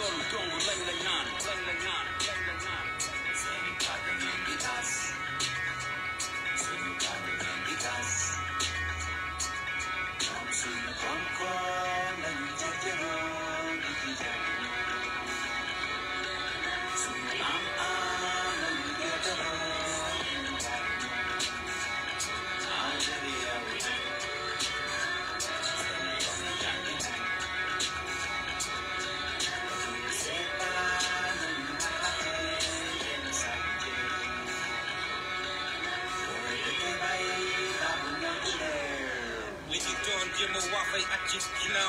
g Let me know, let me know.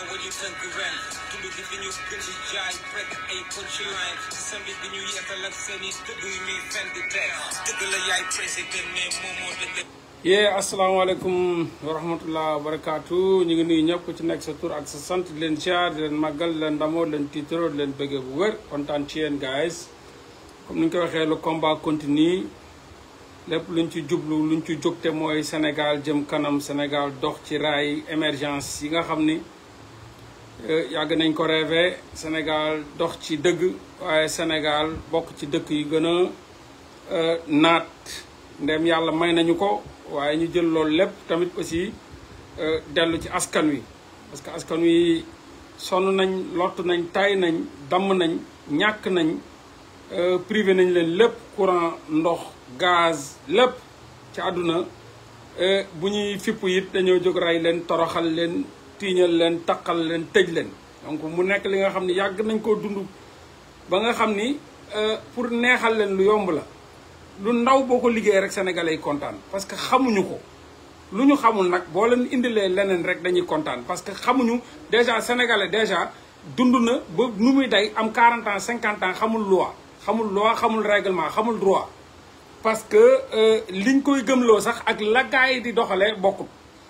down when you turn to To rent. look at the tankuren Tuligi binu gönci jai Prek ay punchline Sambi binu yakalat seni Tugu mi fendi tek Tugula yai president ne momo dede yee ya, asalaamaaleykum wa rahmatullah warahmatullahi wabarakatuh. Ñi ngi nuyu ñep ci nek sa tour ak sa sante di len ciar di len magal len ndamoo len titro di len bëgg bu wër kontaan ci yeen guys comme ni ñu ko waxee le combat continue Lepp luñ ci jublu luñ ci jógte moy Sénégal jëm kanam Sénégal dox ci ray émergence yi nga xamni yàgg nañ ko rêvé Sénégal dox ci dëgg waaye Sénégal bokk ci dëkk yu gën a euh, naat ndem yàlla may nañu ko waaye ñu jël loolu lépp tamit aussi euh, dellu ci askan wi parce que askan wi sonn nañ lott nañ tay nañ damm nañ ñàkk nañ euh, privé nañ leen lépp courant ndox gaz lépp ci àdduna bu ñuy fipp it dañoo jóg rey leen toroxal leen tiiñal leen takkal leen tëj leen donc mu nekk li nga xam ni yàgg nañ koo dund ba nga xam ni euh, pour neexal leen lu yomb la lu ndaw boo ko liggéey rek sénégalais yi kontaan parce que xamuñu ko lu ñu xamul nag boo leen indilee leneen rek dañuy kontaan parce que xamuñu déjà sénégalais déjà dund na ba nu muy day am 40 ans 50 ans xamul loi xamul loi xamul règlement xamul droit parce que euh, liñ koy gëmloo sax ak la yi di doxalee bokkut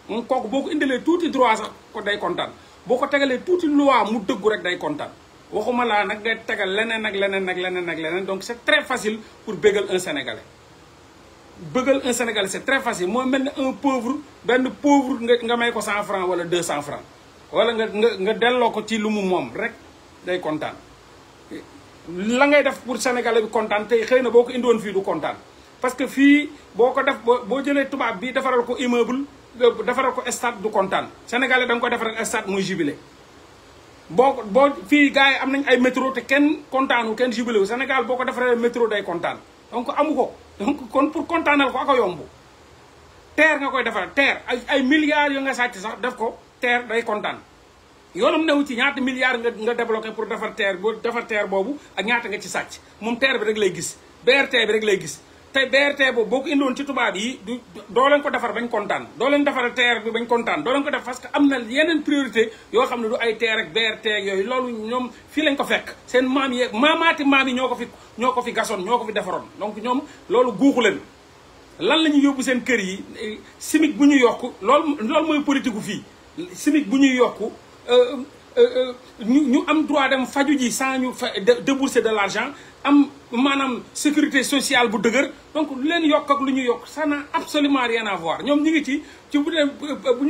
moom kooku boo ko indilee droit sax ko day contane boko ko touti loi mu deug rek day contane waxuma la nak day tegal leneen ak leneen ak leneen ak leneen donc c'est très facile pour bégal un sénégalais. bëggal un sénégalais c'est très facile mo mel un pauvre ben pauvre nga nga may ko 100 francs wala 200 francs wala nga nga nga ko ci lumu mom rek day contane la ngay def pour sénégalais bi kontaan tay xeyna boko boo ko indiwoon du kontaan parce que fi boko def bo boo jëlee bi defaral ko immeuble. defaral ko stade du kontaan sénégalais da nga koy defaral stade muy jubilé boo boo fii gars yi am nañ ay métro te kenn kontaanu kenn jubilé wu Sénégal boo ko defaree métro day kontaan donc amu ko donc kon pour kontaanal ko ak yomb terre nga koy defaral terre ay ay milliards yoo nga sàcc sax def ko terre day kontaan yoonam newu ci ñaata milliards nga nga pour defar terre boo defar boobu ak ñaata nga ci sàcc moom terre bi rek lay gis BRT bi rek lay gis te BRT boobu boo ko indiwoon ci tubaab yi du doo leen ko defar bañ kontaan doo leen defar TER bi bañ kontaan doo leen ko def parce que am na yeneen priorité yoo xam ne du ay TER ak BRT yooyu loolu ñoom fii lañ ko fekk seen maam yi maamaati maam yi ñoo ko fi ñoo ko fi gasoon ñoo ko fi defaroon donc ñoom loolu guuxu leen lan la ñuy yóbbu seen kër yi chimique bu ñu yokk loolu loolu mooy politique gu fii chimique bu ñuy yokk euh, euh, euh, ñu ñu am droit dem faju ji sans ñu débourser de l'argent am maanaam sécurité sociale bu dëgër donc lu leen yokk ak lu ñu yokk ça n'a absolument rien à ñoom ñu ngi ci ci bu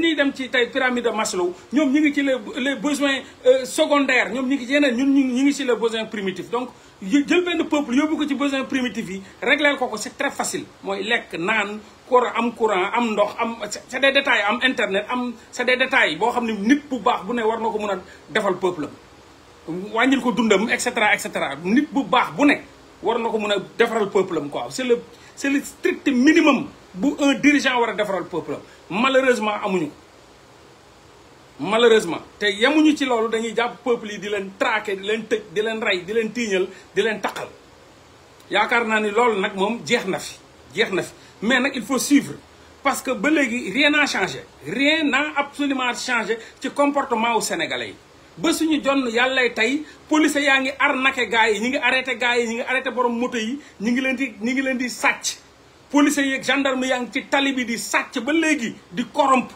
dee dem ci tey pyramide de Maslow ñoom ñu ngi ci les les besoins euh, secondaires ñoom ñu ngi ci yeneen ñun ñu ngi ci les besoins primitifs donc jël benn peuple yóbbu ko ci besoins primitifs yi régleel ko ko c'est très facile mooy lekk naan kor am courant am ndox am c'est des détails am internet am c'est des détails boo xam ne nit bu baax bu ne war na ko mën a defal peuple wàññil ko dundam et cetera et cetera nit bu baax bu ne war na ko mun a defaral peuple am quoi c'est le c'est le strict minimum bu un dirigeant war a defaral peuple am malheureusement amuñu ko malheureusement te yemuñu ci loolu dañuy jàpp peuple yi di leen traquer di leen tëj di leen rey di leen tiiñal di leen taqal yaakaar naa ni loolu nag moom jeex na fi jeex na fi mais nag il faut suivre parce que ba léegi rien n'a changé rien n'a absolument changé ci comportement wu sénégalais ba suñu jonn yàllay tey police yaa ngi arnaqué gars yi ñi ngi arrêté gars yi ñi ngi arrêté borom moto yi ñi ngi leen di ñi ngi leen di sàcc police yeeg gendarme yaa ngi ci tali bi di sàcc ba léegi di corrompre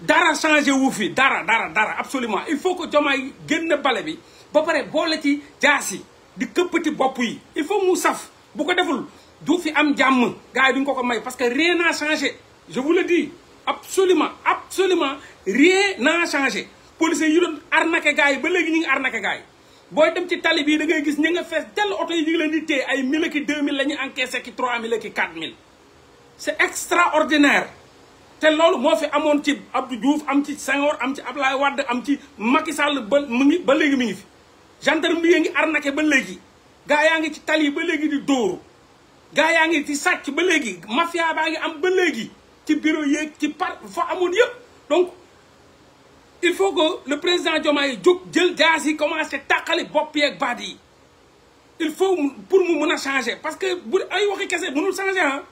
dara changé wu fi dara dara dara absolument il faut que jomaay génn bale bi ba pare boole ci jaas yi di këppati bopp yi il faut mu saf bu ko deful du fi am jàmm gars yi duñ ko ko may parce que rien n'a changé je vous le dis absolument absolument rien n'a changé policiers yi doon arnaqué gars yi ba léegi ñu ngi arnaqué gars yi booy dem ci tali bii da ngay gis ñu nga fees dell oto yi ñu ngi leen di téye ay mille ki deux mille la ñu encaissé ki trois mille ki quatre mille c'est extraordinaire te loolu moo fi amoon ci Abdou juuf am ci Senghor am ci Abdoulaye Wade am ci Macky Sall ba mu ngi ba léegi mi ngi fi gendarmerie yaa ngi arnaqué ba léegi gaa yaa ngi ci tali ba léegi di dóoru gaa yaa ngi ci sàcc ba léegi mafia baa ngi am ba léegi ci bureau yeeg ci par fa amoon yëpp donc il faut que le président Diomaye jóg jël gaz yi commencé takali bop yeeg baat il faut pour mu mën changer parce que ay waxi kese mënul changer ah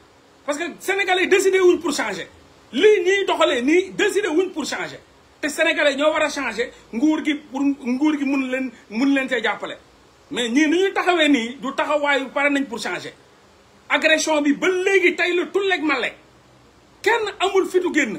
parce que sénégalais décidé wuñ pour changer li ni doxalee ni décidé wuñ pour changer té sénégalais ñoo wara changer nguur gi pour nguur gi mun leen mun leen see jappalé mais ni ni ñuy taxawee ni du taxaway pare nañ pour changer agression bi ba tay le la tulleeg malé kenn amul fitu génn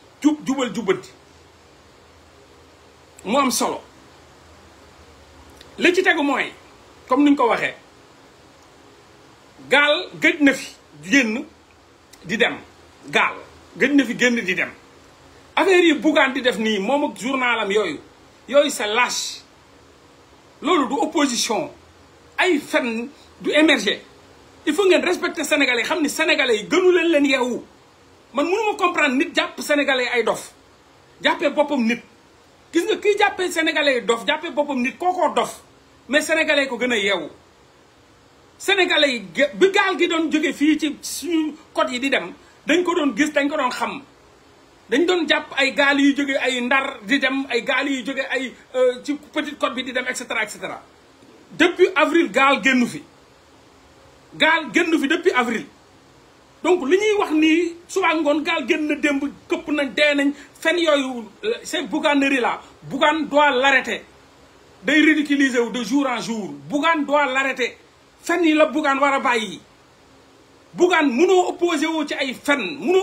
Double, double, jubbanti am solo li ci tegu comme niñ ko waxé gal gëj na fi genn di dem gal fi di journalam sa lâche du opposition ay fen du émerger il faut ngeen respecter sénégalais xamni sénégalais man mënuma comprendre nit jàpp sénégalais ay dof jàppee boppam nit gis nga kii jàppee sénégalais yi dof jàppee boppam nit kookoo dof mais sénégalais ko gën a yeewu sénégalais yi bi gaal gi doon jóge fii ci suñu côte yi di dem dañ ko doon gis dañ ko doon xam dañ doon jàpp ay gaal yuy jóge ay ndar di dem ay gaal yuy jóge ay euh, ci petite côte bi di dem et cetera cetera depuis avril gaal génnu fi gaal génnu fi depuis avril donc ce que wax nii suba que nous na doit l'arrêter de ridiculiser de jour en jour Bougan doit l'arrêter fen la Bougane wara bayyi Bougan opposé ci ay fen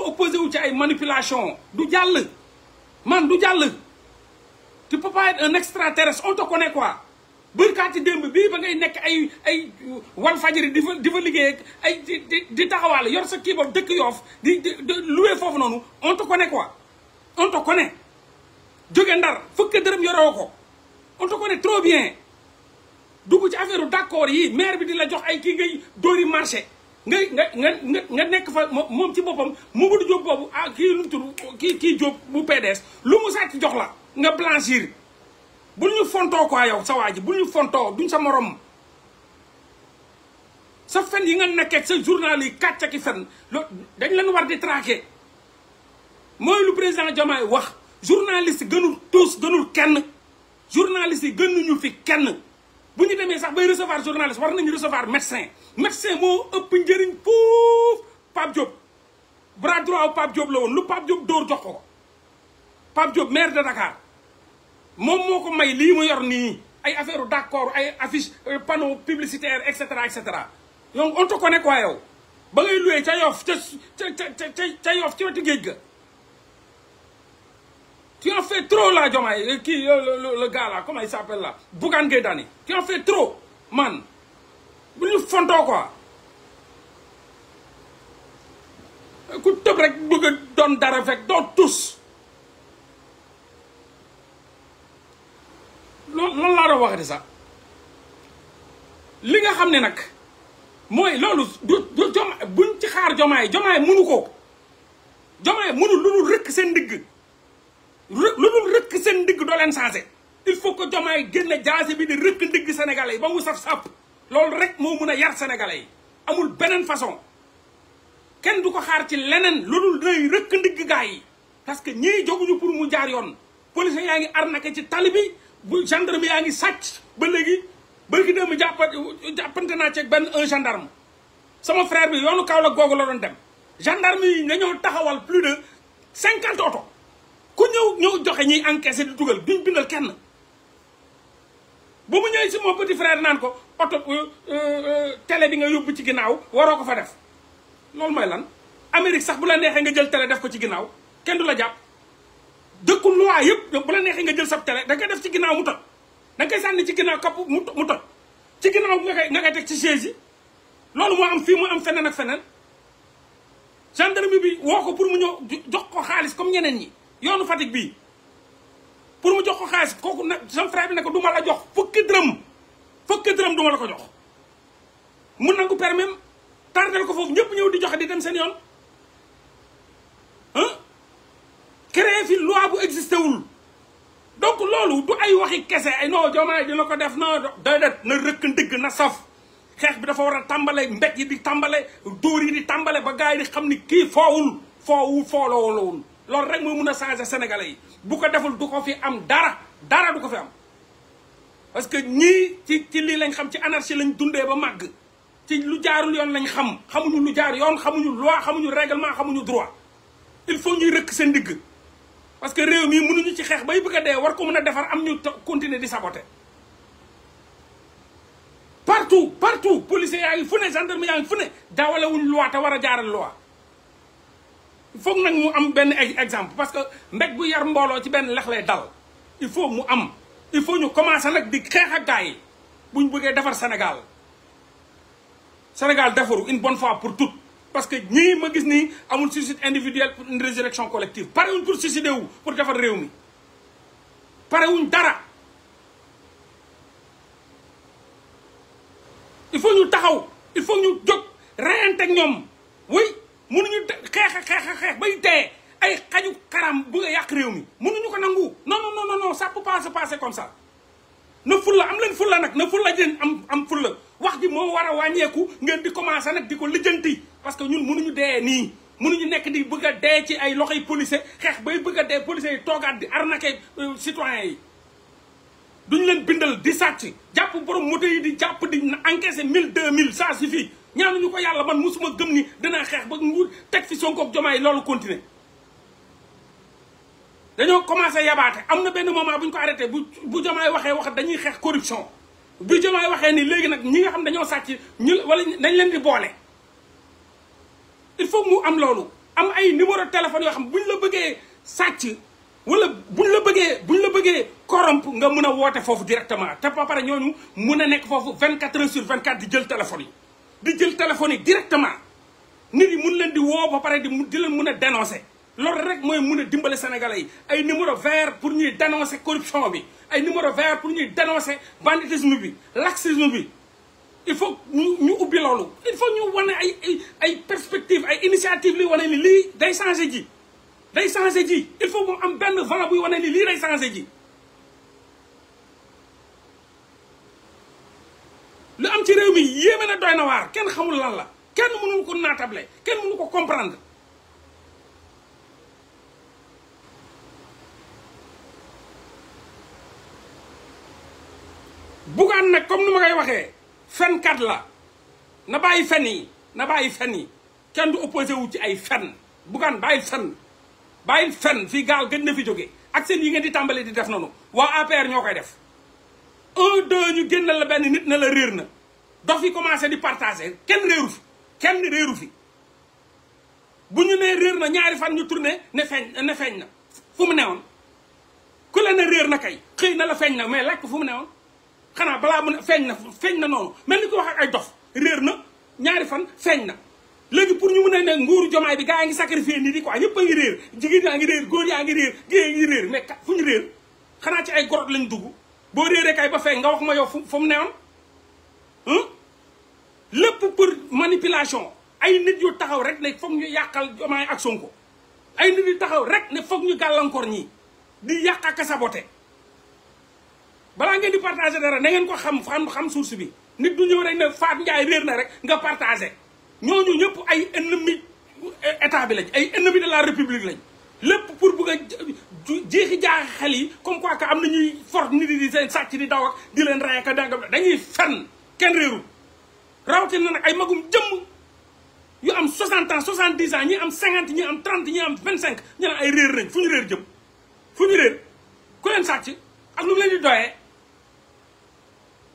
opposé ci manipulation du jall, man du jall. tu peux pas être un extraterrestre on te connaît quoi bërkaati démb bii ba ngay nekk ay ay wal fajari di fa di fa liggéey ay di di taxawaale yor sa kii dëkk yoof di di loué foofu noonu on te connaît quoi on te jóge ndar fëkk dërëm yoroo ko on te trop bien dugg ci affaire u yi maire bi di la jox ay kii ngay dóori marché nga nga nga nga nekk fa moom ci boppam mu Diop boobu ah kii lu mu kii kii Diop bu PDS lu mu sàcc jox la nga blanchir bul ñu fontoo quoi yow sa waa ji bu ñu fontoo duñ sa morom sa fen yi nga nekkee sa journal yi kàcc ki fen loo dañ leen war di traquer mooy lu président Diomaye wax journaliste gënul tous gënul kenn journaliste yi gënuñu fi kenn bu ñu demee sax bay recevoir journaliste war nañu recevoir médecin médecin moo ëpp njëriñ foofu Pape Diop bras droit wu Pape la woon lu Pape Diop dóor jox ko ko Pape maire de Dakar moom moo ko may lii mu yor nii ay affaire d' accord ay affiche euh, panneau publicitaire et cetera et cetera donc on te connaît quoi yow ca yof ca ca ci wetu géej ga. tu en fais trop là Diomaye euh, kii euh, le gars là comment il s'appelle là Bougane Gueye Dany tu en fais trop man bu ñu fontoo quoi. ku tëb rek bëgg a dara fekk doo tus. loolu lan laa doon waxati sax li nga xam ne nag mooy loolu du du joma buñ ci xaar yi jomaay jomaay munu ko jomaay munu lu dul rëkk seen ndigg lu dul rëkk seen ndigg doo leen il faut que jomaay génne jaase bi di rëkk ndigg sénégalais yi ba mu saf sàpp loolu rek moo mun a yar sénégalais yi amul beneen façon kenn du ko xaar ci leneen lu dul day rëkk ndigg gaa yi parce que ñii joguñu pour mu jaar yoon police yaa ngi arnaqué ci tali bi bu gendarme yaa ngi sàcc ba léegi bërki dem jàpp jappante na ci ben un gendarme sama frère bi yoonu la googu la don dem gendarme yi ñoo taxawal plus de 50 auto ku ñew ñew joxe ñi encaisser di duggal duñ bindal kenn bu mu ñëwee ci mo petit frère nan ko euh, euh télé bi nga yobbu ci ginaaw waro ko fa def lool may lan amerique sax bu la nga jël télé def ko ci ginaaw kenn du la japp dëkku loi yëpp bu la nexi nga jël sa télé da nga def ci ginaaw mu toj da nga sanni ci ginaaw kapp mu mu ci ginaaw nga nga tek ci chaise lolu mo am fi mo am fenen ak fenen gendarmerie bi woko pour mu ñëw jox ko xaaliss comme ñeneen ñi yoonu fatik bi, pour mu jox ko xaaliss koku nag son frère bi ne ko du la jox fukki dërëm fukki dërëm duma la ko jox mu nangu permettre tardel ko fofu ñepp ñew di jox di dem seen yoon hein créer fi loi bu existé wul donc loolu du ay waxi kese ay non Diomaye dina ko def na déedéet na rëkk ndigg na saf xeex bi dafa war a tàmbale mbéj yi di tàmbale dóor yi di tàmbale ba gars yi di xam ni kii foowul foowu foolowulowul loolu rek moo mun a changer sénégalais yi bu ko deful du ko fi am dara dara du ko fi am parce que ñii ci ci lii lañ xam ci anarchie lañ dundee ba màgg ci lu jaarul yoon lañ xam xamuñu lu jaar yoon xamuñu loi xamuñu règlement xamuñu droit il faut ñuy rëkk seen ndigg parce que réew mii mënuñu ci xeex bay bëgg a dee war ko mën a defar am ñu continuer di saboter partout partout policiers yaa ngi fu ne gendarme yaa ngi fu ne dawalewuñ loi te war a jaaral loi foog nag mu am benn exemple parce que mbég bu yar mbooloo ci benn lex lay dal il faut mu am il faut ñu commencer nag di xeex ak gars yi bu ñu buggee defar Sénégal Sénégal defaru une bonne fois pour toutes parce que ñii ma gis nii amul suicide individuel pour une résurrection collective parewuñ pour suicider wu pour defar réew mi parewuñ dara il faut ñu taxaw il faut ñu jóg reyante ak ñoom oui mënuñu xeex xeex ba yu teye ay xaju xaram bu nga yàq réew mi mënuñu ko nangu non non non non ça peut pas se passer comme ça na la am leen fulla nag na fulla jën am am fulla wax ji moo war a wàññeeku ngeen di commencé nag di ko lijjanti parce que ñun munuñu dee nii mënuñu nekk di bëgg a dee ci ay loxo loxoy policier xeex bay bëgg a dee policier yi toogaat di arnaqué euh, citoyen yi duñu leen bindal di sàcc jàpp borom moto yi di jàpp di encaissé mille deux mille si ça suffit ñu ko yàlla man mosuma gëm ni dinaa xeex ba nguur teg fi Sonko ak yi loolu continuer dañoo commencé yabaate am na benn moment bu ko arrêté bu bu Diomaye waxee wax dañuy xeex corruption bu Diomaye waxee ni léegi nag ñi nga xam dañoo sàcc ñu wala dañ leen di boole il faut nous am loolu am ay numéro téléphone yo xam buñ la bëggee sàcc wala buñ la bëggee buñ la bëggee corrompre nga mën woté fofu directement te ba paré ñoñu mun nek fofu 24 heures sur 24 di jël téléphone di jël téléphone directement nit yi mun leen di wo ba paré di di leen mun dénoncer loolu rek moy mun a sénégalais ay numéro vert pour ñuy dénoncer corruption bi ay numéro vert pour ñuy dénoncer banditisme bi laxisme bi il faut que nous oublions. il faut ñu nous ay ay perspectives ay initiatives li une day ji changé il faut moom am nous volet buy wane day changé ji lu am ci que mi yéeme na sait kenn xamul lan la kenn ko nous kenn comprendre comme Nous fenkat la na bàyyi fen yi na bàyyi fen yi kenn du opposé wu ci ay fen bugaan bàyyil fen bàyyil fen fii gaal gën na fi jóge ak seen yi ngeen di tàmbali di def noonu waa APR ñoo koy def un deux ñu génnal la benn nit na la réer na dof yi commencé di partager kenn réeru fi kenn réeru fi bu ñu nee réer na ñaari fan ñu tourné ne feeñ ne feeñ na fu mu newoon ku la réer na kay xëy na la feeñ na mais lekk fu mu newoon xanaa balaa mun ne feeñ na feeñ na noonu mel ni ko wax ak ay dof réer na ñaari fan feeñ na léegi pour ñu mun a ne nguuru jomaay bi gaa yi ngi sacrifié nit yi ko ñëpp a ngi réer jigéen yaa ngi réer góor yaa ngi réer géey ngi réer mais fu ñu réer xanaa ci ay gorot lañ dugg boo réeree kay ba feeñ nga wax ma yow fu fu mu newoon lépp pour manipulation ay nit yu taxaw rek ne foog ñu yàqal jomaay ak sonko ay nit yu taxaw rek ne foog ñu gàllankoor ñi di yàq ak sabote balaa ngeen di partagé dara na ngeen ko xam xam xam source bi nit du ñëw rek ne Faat Ndiaye réer na rek nga partagé ñooñu ñëpp ay ennemi état bi lañ ay ennemi de la république lañ lépp pour bëgg a jeexi jaax xel yi comme quoi que am na ñuy for nit di seen sàcc di di leen rey ak danga dañuy fenn kenn réerul na nag ay magum jëmm yu am 60 ans 70 ans ñi am 50 ñi am 30 ñi am 25 ñu ne ay réer nañ fu ñu réer jë fu ñu réer ku ak lu mu leen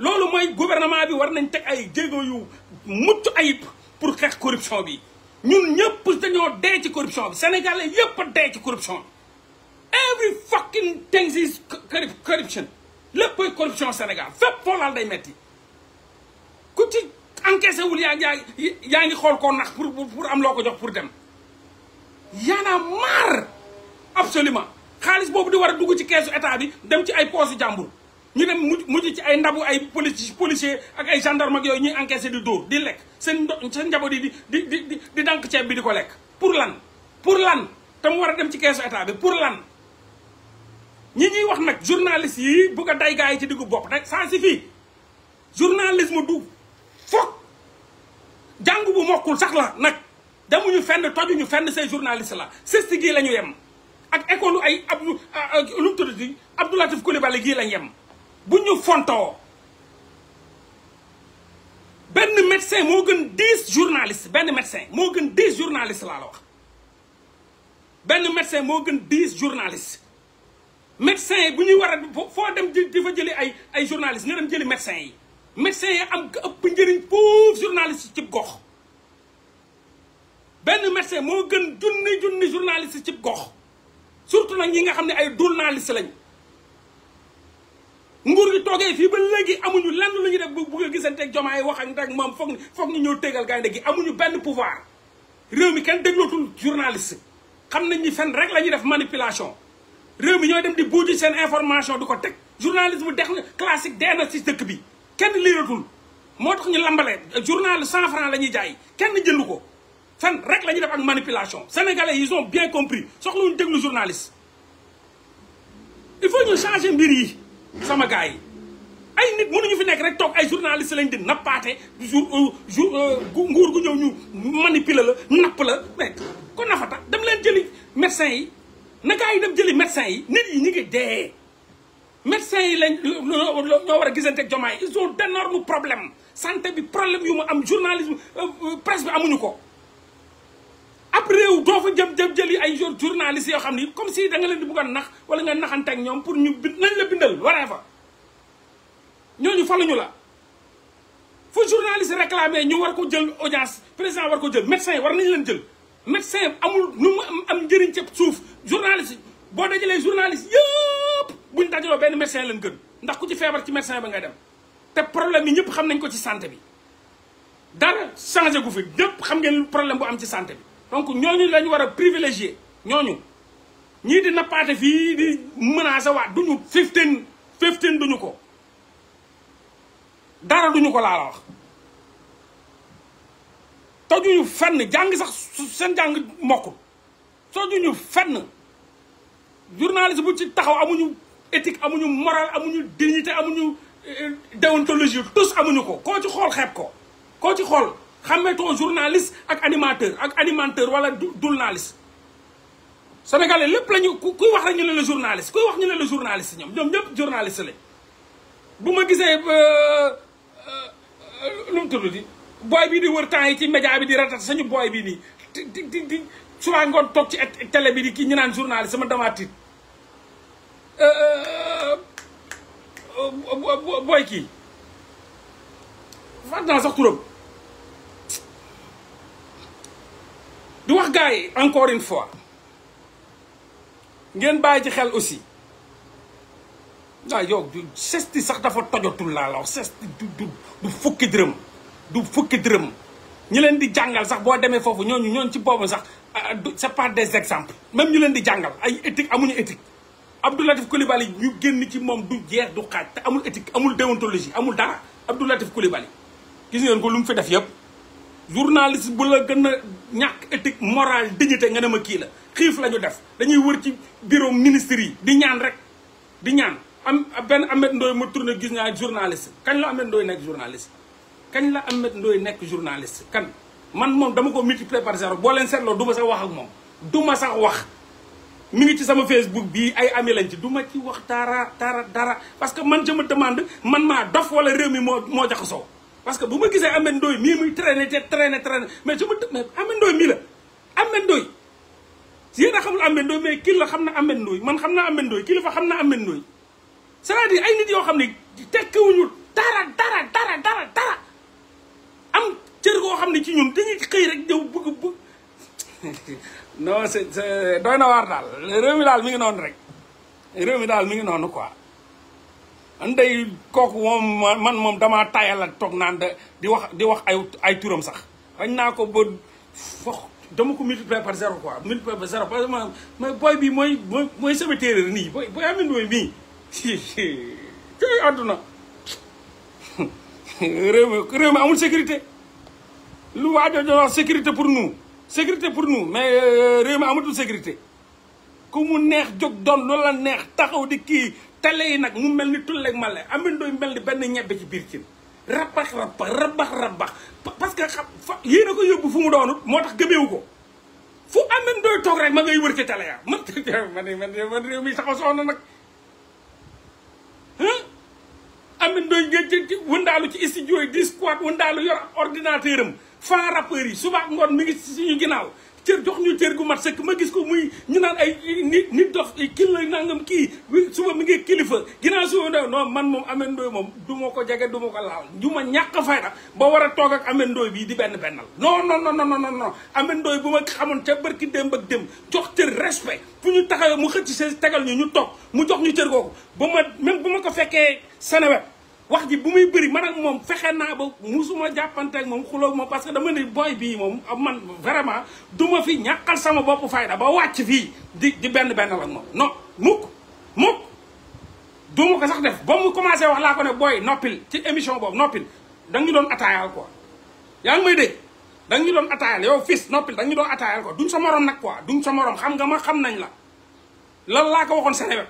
loolu mooy gouvernement bi war nañ teg ay jéego yu mucc ayib pour xeex corruption bi ñun ñëpp dañoo dee ci corruption bi sénégalais yëpp a dee ci corruption bi every fucking things is corruption léppay corruption Sénégal fépp foo laal day metti ku ci encaissé wul yaa yaa ngi xool koo nax pour pour am loo ko jox pour dem yaana maar absolument xaalis boobu di war a dugg ci keesu état bi dem ci ay poosu jàmbur ñu dem mujj ci ay ndabu ay police police ak ay gendarme ak yoy ñi encaissé du dur di lek sen sen jabo di di di di dank ci bi di ko lek pour lan pour lan tam wara dem ci caisse état bi pour lan ñi ñi wax nak journaliste yi bu ko day gaay ci diggu bop nag sansifi journalisme du foog jang bu mokul sax la damu ñu fenn ñu fenn ces journalistes la c'est ce la lañu yem ak école ay abdou ah, ah, lu tuddi abdou latif koulibaly gi lañu yem bu ñu fontoo benn médecin moo gën dix journalistes benn médecin moo gën dix journalistes laa la wax benn médecin moo gën dix journalistes médecin yi bu ñuy war a foo dem di fa jëli ay ay journalistes nga dem jëli médecin yi médecin yi am ëpp njëriñ foofu journalistes ci gox benn médecin moo gën junni junni journalistes ci gox surtout nag ñi nga xam ne ay journalistes lañ nguur gi toge fi ba léegi amuñu lenn luñu def bu bugg a gisante ak jomaay wax ak ndag moom foog foog ñu tégal gaynde gi amuñu benn pouvoir réew mi kenn déglootul journaliste xam nañ ni fen rek lañu def manipulation réew mi ñooy dem di buuji seen information du ko teg journalisme dex classique dee na si dëkk bi kenn liratul motax ñu lambalé journal 100 francs lañu jaay kenn jënduko ko fen rek lañu def ak manipulation sénégalais ils ont bien compris soxlu soxlawuñu déglu journaliste il faut ñu changer mbir yi sama gars yi ay nit mënuñu fi nekk rek toog ay journaliste lañ di nappaate jour euh, jour euh, nguur gu ñëw ñu manipuler la napp la mais ko nafata dem leen jëli médecin yi nagaa yi dem jëli médecin yi nit yi ñu ngi dee médecin yi lañ ñoo war a gisante ak jomaay ils ont d'énormes problèmes santé bi problème yu mu am journalisme euh, presque bi amuñu ko après yow doo fa jëm jëm jëli ay jour journaliste yo xamni comme si da nga leen di bëgg nax wala nga naxante ak ñom pour ñu bind nañ la bindal waree fa ñooñu la fu journaliste réclamer ñu war ko jël audience président war ko jël médecin war nañ leen jël médecin amul nu mu am jëriñ ci suuf journaliste bo dajalé journaliste yépp buñ dajalo ben médecin leen gën ndax ku ci fièvre ci médecin ba nga dem té problème yi ñëpp xam nañ ko ci santé bi dara changer gu fi ñëpp xam ngeen problème bu am ci santé bi donc ñooñu lañu war a privilégier ñooñu ñii di nappaate fii di menacer waat duñu fifteen fifteen duñu ko dara duñu ko laa la wax tojuñu fenn jàng sax seen jàng mokkul tojuñu fenn journaliste bu ci taxaw amuñu éthique amuñu morale amuñu dignité amuñu euh, déontologie tous amuñu ko koo ci xool xeeb ko koo ci xool xam xàmmeetoo journaliste ak animateur ak animateur wala journaliste sénégalais lépp la ñu kuy wax rek ñu ne la journaliste kuy wax ñu ne la journaliste ñoom ñoom ñëpp journaliste lañ bu ma gisee lu euh, euh, mu tudd di booy bii di wër temps yi ci média bi di ratat sañu booy bii nii di di di suba ngoon toog ci télé bi di kii ñu naan journaliste sama damaa tiit euh, booy kii fàtte sax turam di wax gaa yi encore une fois ngeen bàyyi ji xel aussi waaw ah, yow sesti sax dafa tojotul laa la wax du du fukki dërëm du fukki dërëm ñi leen di jàngal sax boo demee foofu ñooñu ñooñu ci boobu sax ah, ah, c'est pas des exemples même ñu leen di jàngal ay éthique amuñu éthique Abdou Latif Coulibaly ñu génn ci moom du jeex du xaaj te amul étique amul déontologie amul dara Abdou Latif Coulibaly gis ngeen ko lu mu fi def yëpp journaliste bu la gëna a éthique morale dignité nga ne ma kii la xif lañu def dañuy wër ci bureau ministre di ñaan rek di ñaan am ben Ameth ndoy mu tourner gis nga journaliste kan la Ameth ndoy nek journaliste kan la Ameth ndoy nek journaliste kan man mom dama ko multiplier par zéro bo leen sétlo duma sax wax ak mom duma sax wax mi ngi ci sama facebook bi ay amé lañ ci duma ci wax dara dara dara parce que man je me demande man ma dof wala rew mi mo mo jaxoso parce que bu ma gisee Ameth Ndoye mii muy traîner te traîner traîner mais su ma mais Ameth Ndoye mii la Ameth Ndoye yéen a xamul Ameth Ndoye mais kii la xam na Ameth Ndoye man xam na Ameth Ndoye la fa xam na Ameth Ndoye c'est-à-dire ay nit yoo xam ne tekkiwuñu dara dara dara dara dara am cër goo xam ne ci ñun dañuy xëy rek ñëw bëgg bëgg non c'est doy na waar daal réew mi daal mi ngi noonu rek réew mi daal mi ngi noonu quoi ndey kooku moom man moom damaa tayal ak toog naan da di wax di wax ay ay turam sax xañ naa ko ba fox dama ko multiplier par zéro quoi multiplier par zéro parce mooy mooy mooy sama téeréer nii booy booy amin booy amul sécurité lu wax sécurité pour nous sécurité pour nous mais euh, réew mi amatul sécurité ku mu neex jóg doon loola neex taxaw di kii tale yi nag mu mel ni tulleeg male amindooy mel ni benn ñebbe ci biir cin rabax rabax rabax rabax parce que xam fa yéen ko yóbbu fu mu doonut moo tax gëmeewu ko fu amindooy toog rek ma ngay wër ci tale ya man man man réew mi sax a soxna nag amindooy nga ci wëndaalu ci studio yi di squat wëndaalu yor ordinateur am fan rappeurs yi suba ngoon mi ngi si suñu ginnaaw cër jox ñu cër gu mat sëkk ma gis ko muy ñu naan ay nit nit dof kii la nangam kii suba mi ngi kilifa ginnaaw suba ndaw non man moom Ameth Ndoye moom du ma ko jege du ma ko laal ju ma ñàkk fayda ba war a toog ak Ameth Ndoye bii di benn bennal non non non non non non Ameth Ndoye bu ma xamoon ca barki démb ak démb jox cër respect fu ñu taxawee mu xëcc seen tegal ñu ñu toog mu jox ñu cër googu ba ma même bu ma ko fekkee Seneweb wax ji bu muy bëri man a moom fexe naa ba musuma suma jàppanteek moom xuloog moom parce que dama ne booy bii moom man vraiment duma fi ñàkkal sama bopp fayda ba wàcc fii di di benn benn ak moom non mukk mukk duma ko sax def ba mu commencé wax laa ko ne booy noppil ci émission boobu noppil da ñu doon ataayaal ko yaa ngi may de da ñu doon ataayaal yow fils noppil da ñu doon ataayaal quoi duñ sa morom nag ko duñ sa morom xam nga ma xam nañ la lan laa ko waxoon Sénégal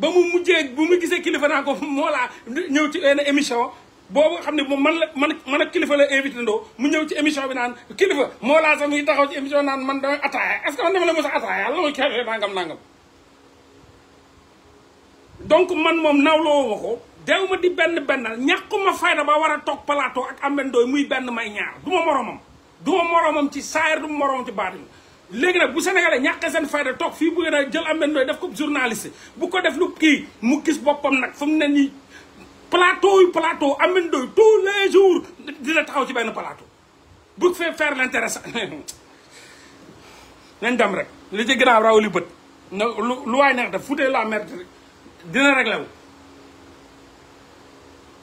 ba mu mujjee bu mu gisee kilifa naa ko moo laa ñëw ci benn émission boobu nga xam ne moom man la man man ak kilifa la invité ndoo mu ñëw ci émission bi naan kilifa moo laa sax muy taxaw ci émission naan man damay ataaya est-ce que man dama la mos a ataaya la muy kii nangam nangam. donc man moom nawloo ma ko dew ma di benn benn ñàkkuma fayda ba war a toog plateau ak Ameth Ndoye muy benn may ñaar du ma moromam du ma moromam ci saayir du ma moromam ci baatin léegi nag bu sénégalais ñàkkee seen fayda toog fii bëgg naa jël Ameth Ndoye def ko journaliste bu ko def lu kii mu gis boppam nag fu mu ne nii plateau yu plateau Ameth Ndoye tous les jours dina taxaw ci benn plateau bu fee faire l'intéressant nañ dem rek li ci ginnaaw raw li bët lu lu waay neex def foutez la merde dina réglé wu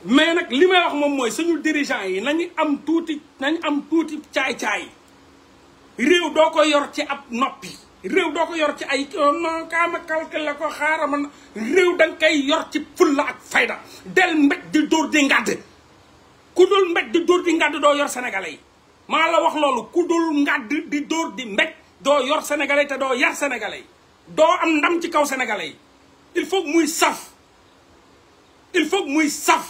mais nag li may wax moom mooy suñu dirigeant yi nañu am tuuti nañ am tuuti caay-caay réew doo ko yor ci ab noppi réew doo ko yor ci ay oh kaama calcul la ko xaaral man réew da nga koy yor ci fulla ak fayda del mbéj di dóor di ngàdd ku dul mbéj di dóor di ngàdd doo yor sénégalais yi maa la wax loolu ku dul ngàdd di dóor di mbéj doo yor sénégalais te doo yar sénégalais yi doo am ndam ci kaw sénégalais yi il faut muy saf il faut muy saf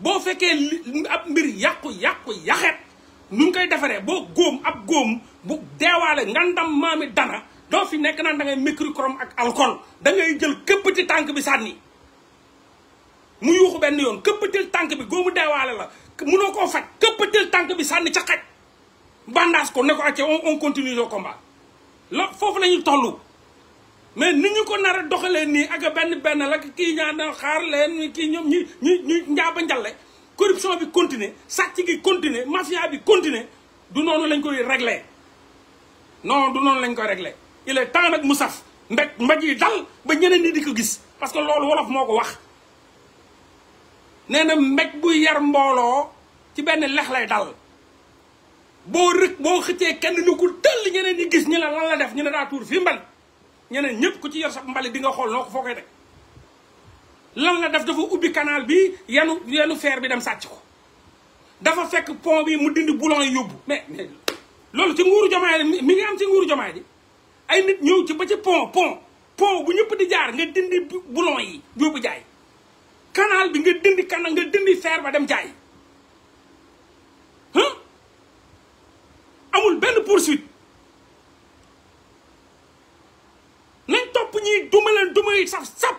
boo fekkee ab mbir yàqu yàqu yaxet nu ngi koy defaree boo góom ak góom bu deewaale ngandam maami dana doo fi nekk naan da ngay microchrome ak alcool da ngay jël këpp ci tànk bi sànni mu yuuxu benn yoon këppatil tànk bi góomu deewaale la munoo koo faj këppatil tànk bi sànni ca xaj bandage ko ne ko acce on continue le combat foofu lañuy ñu mais ni ñu ko nar a doxalee nii ak benn benn la kii ñaan xaar leen kii ñoom ñi ñi ñu njaaba njalle corruption bi continuer sàcc gi continuer mafia bi continé du noonu lañ koy régler non du noonu lañ koy régler il est temps nag mu saf mbéj mbéj yi dal ba ñeneen ñi di ko gis parce que loolu wolof moo ko wax nee na mbéj buy yar mbooloo ci benn lex lay dal boo rëkk boo xëccee kenn ñu ko tëll ñeneen ñi gis ñu ne lan la def ñu ne daa tuur fii mbal ñeneen ñëpp ku ci yor sax mbali di nga xool noo ko foo koy teg lan la def dafa ubbi kanaal bi yanu yenu fer bi dem sàcc ko dafa fekk pont bi mu dindi boulon yi yóbbu mais mais loolu ci nguuru jomaay mi ngi am ci nguuru jomaay di ay nit ñëw ci ba ci pont pont bu ñëpp di jaar nga dindi boulon yi yóbbu jaay kanaal bi nga dindi canal nga dindi fer ba dem jaay ah amul benn poursuite nañ topp ñiy duma leen duma saf sap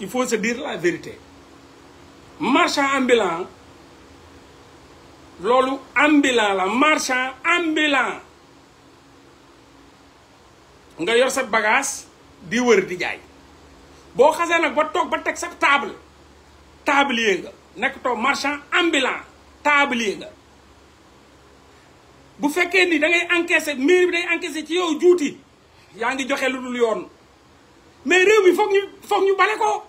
il faut sa dire la vérité marchand ambulant loolu ambulant la marchand ambulant nga yor sa bagage di wër di jaay boo xasee nag ba toog ba teg sa table tablier nga nekk toog marchand ambulant tablier nga bu fekkee ni da ngay encaisser mairie bi day encaisser ci yow juuti yaa ngi joxe lu dul yoon mais réew mi foog ñu foog ñu bale ko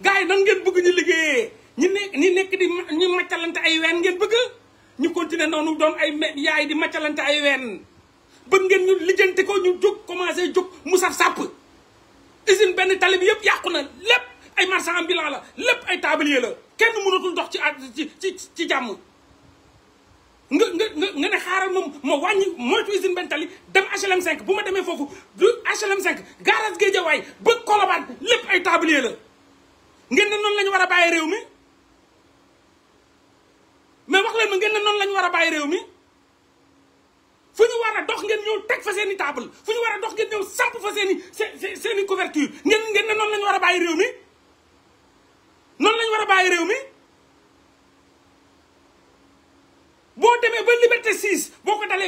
gars yi nan ngeen bëgg ñu liggéeyee ñi nekk ñi nekk di ñu maccalante ay ween ngeen bëgg ñu continuer noonu doon ay yaay di maccalante ay ween bëgg ngeen ñu lijjante ko ñu jóg commencé jóg mu saf sàpp usine benn tali bi yëpp yàqu na lépp ay marchand ambulant la lépp ay tablier la kenn mënatul dox ci ci ci ci jàmm nga nga ne xaaral moom ma wàññi moytu usine Bentali dem HLM 5 bu ma demee foofu du HLM 5 garage Guédiawaye ba Colobane lépp ay tablier la ngeen ne la war a bàyyi réew mi mais wax leen ma ngeen ne noonu la war a bàyyi réew mi fu ñu war a dox ngeen ñëw teg fa seen i table fu ñu war a dox ngeen ñëw samp fa seen i seen couverture ngeen ngeen ne noonu la war a bàyyi réew mi noonu la war a bàyyi réew mi bo demee ba liberté 6 boko dalé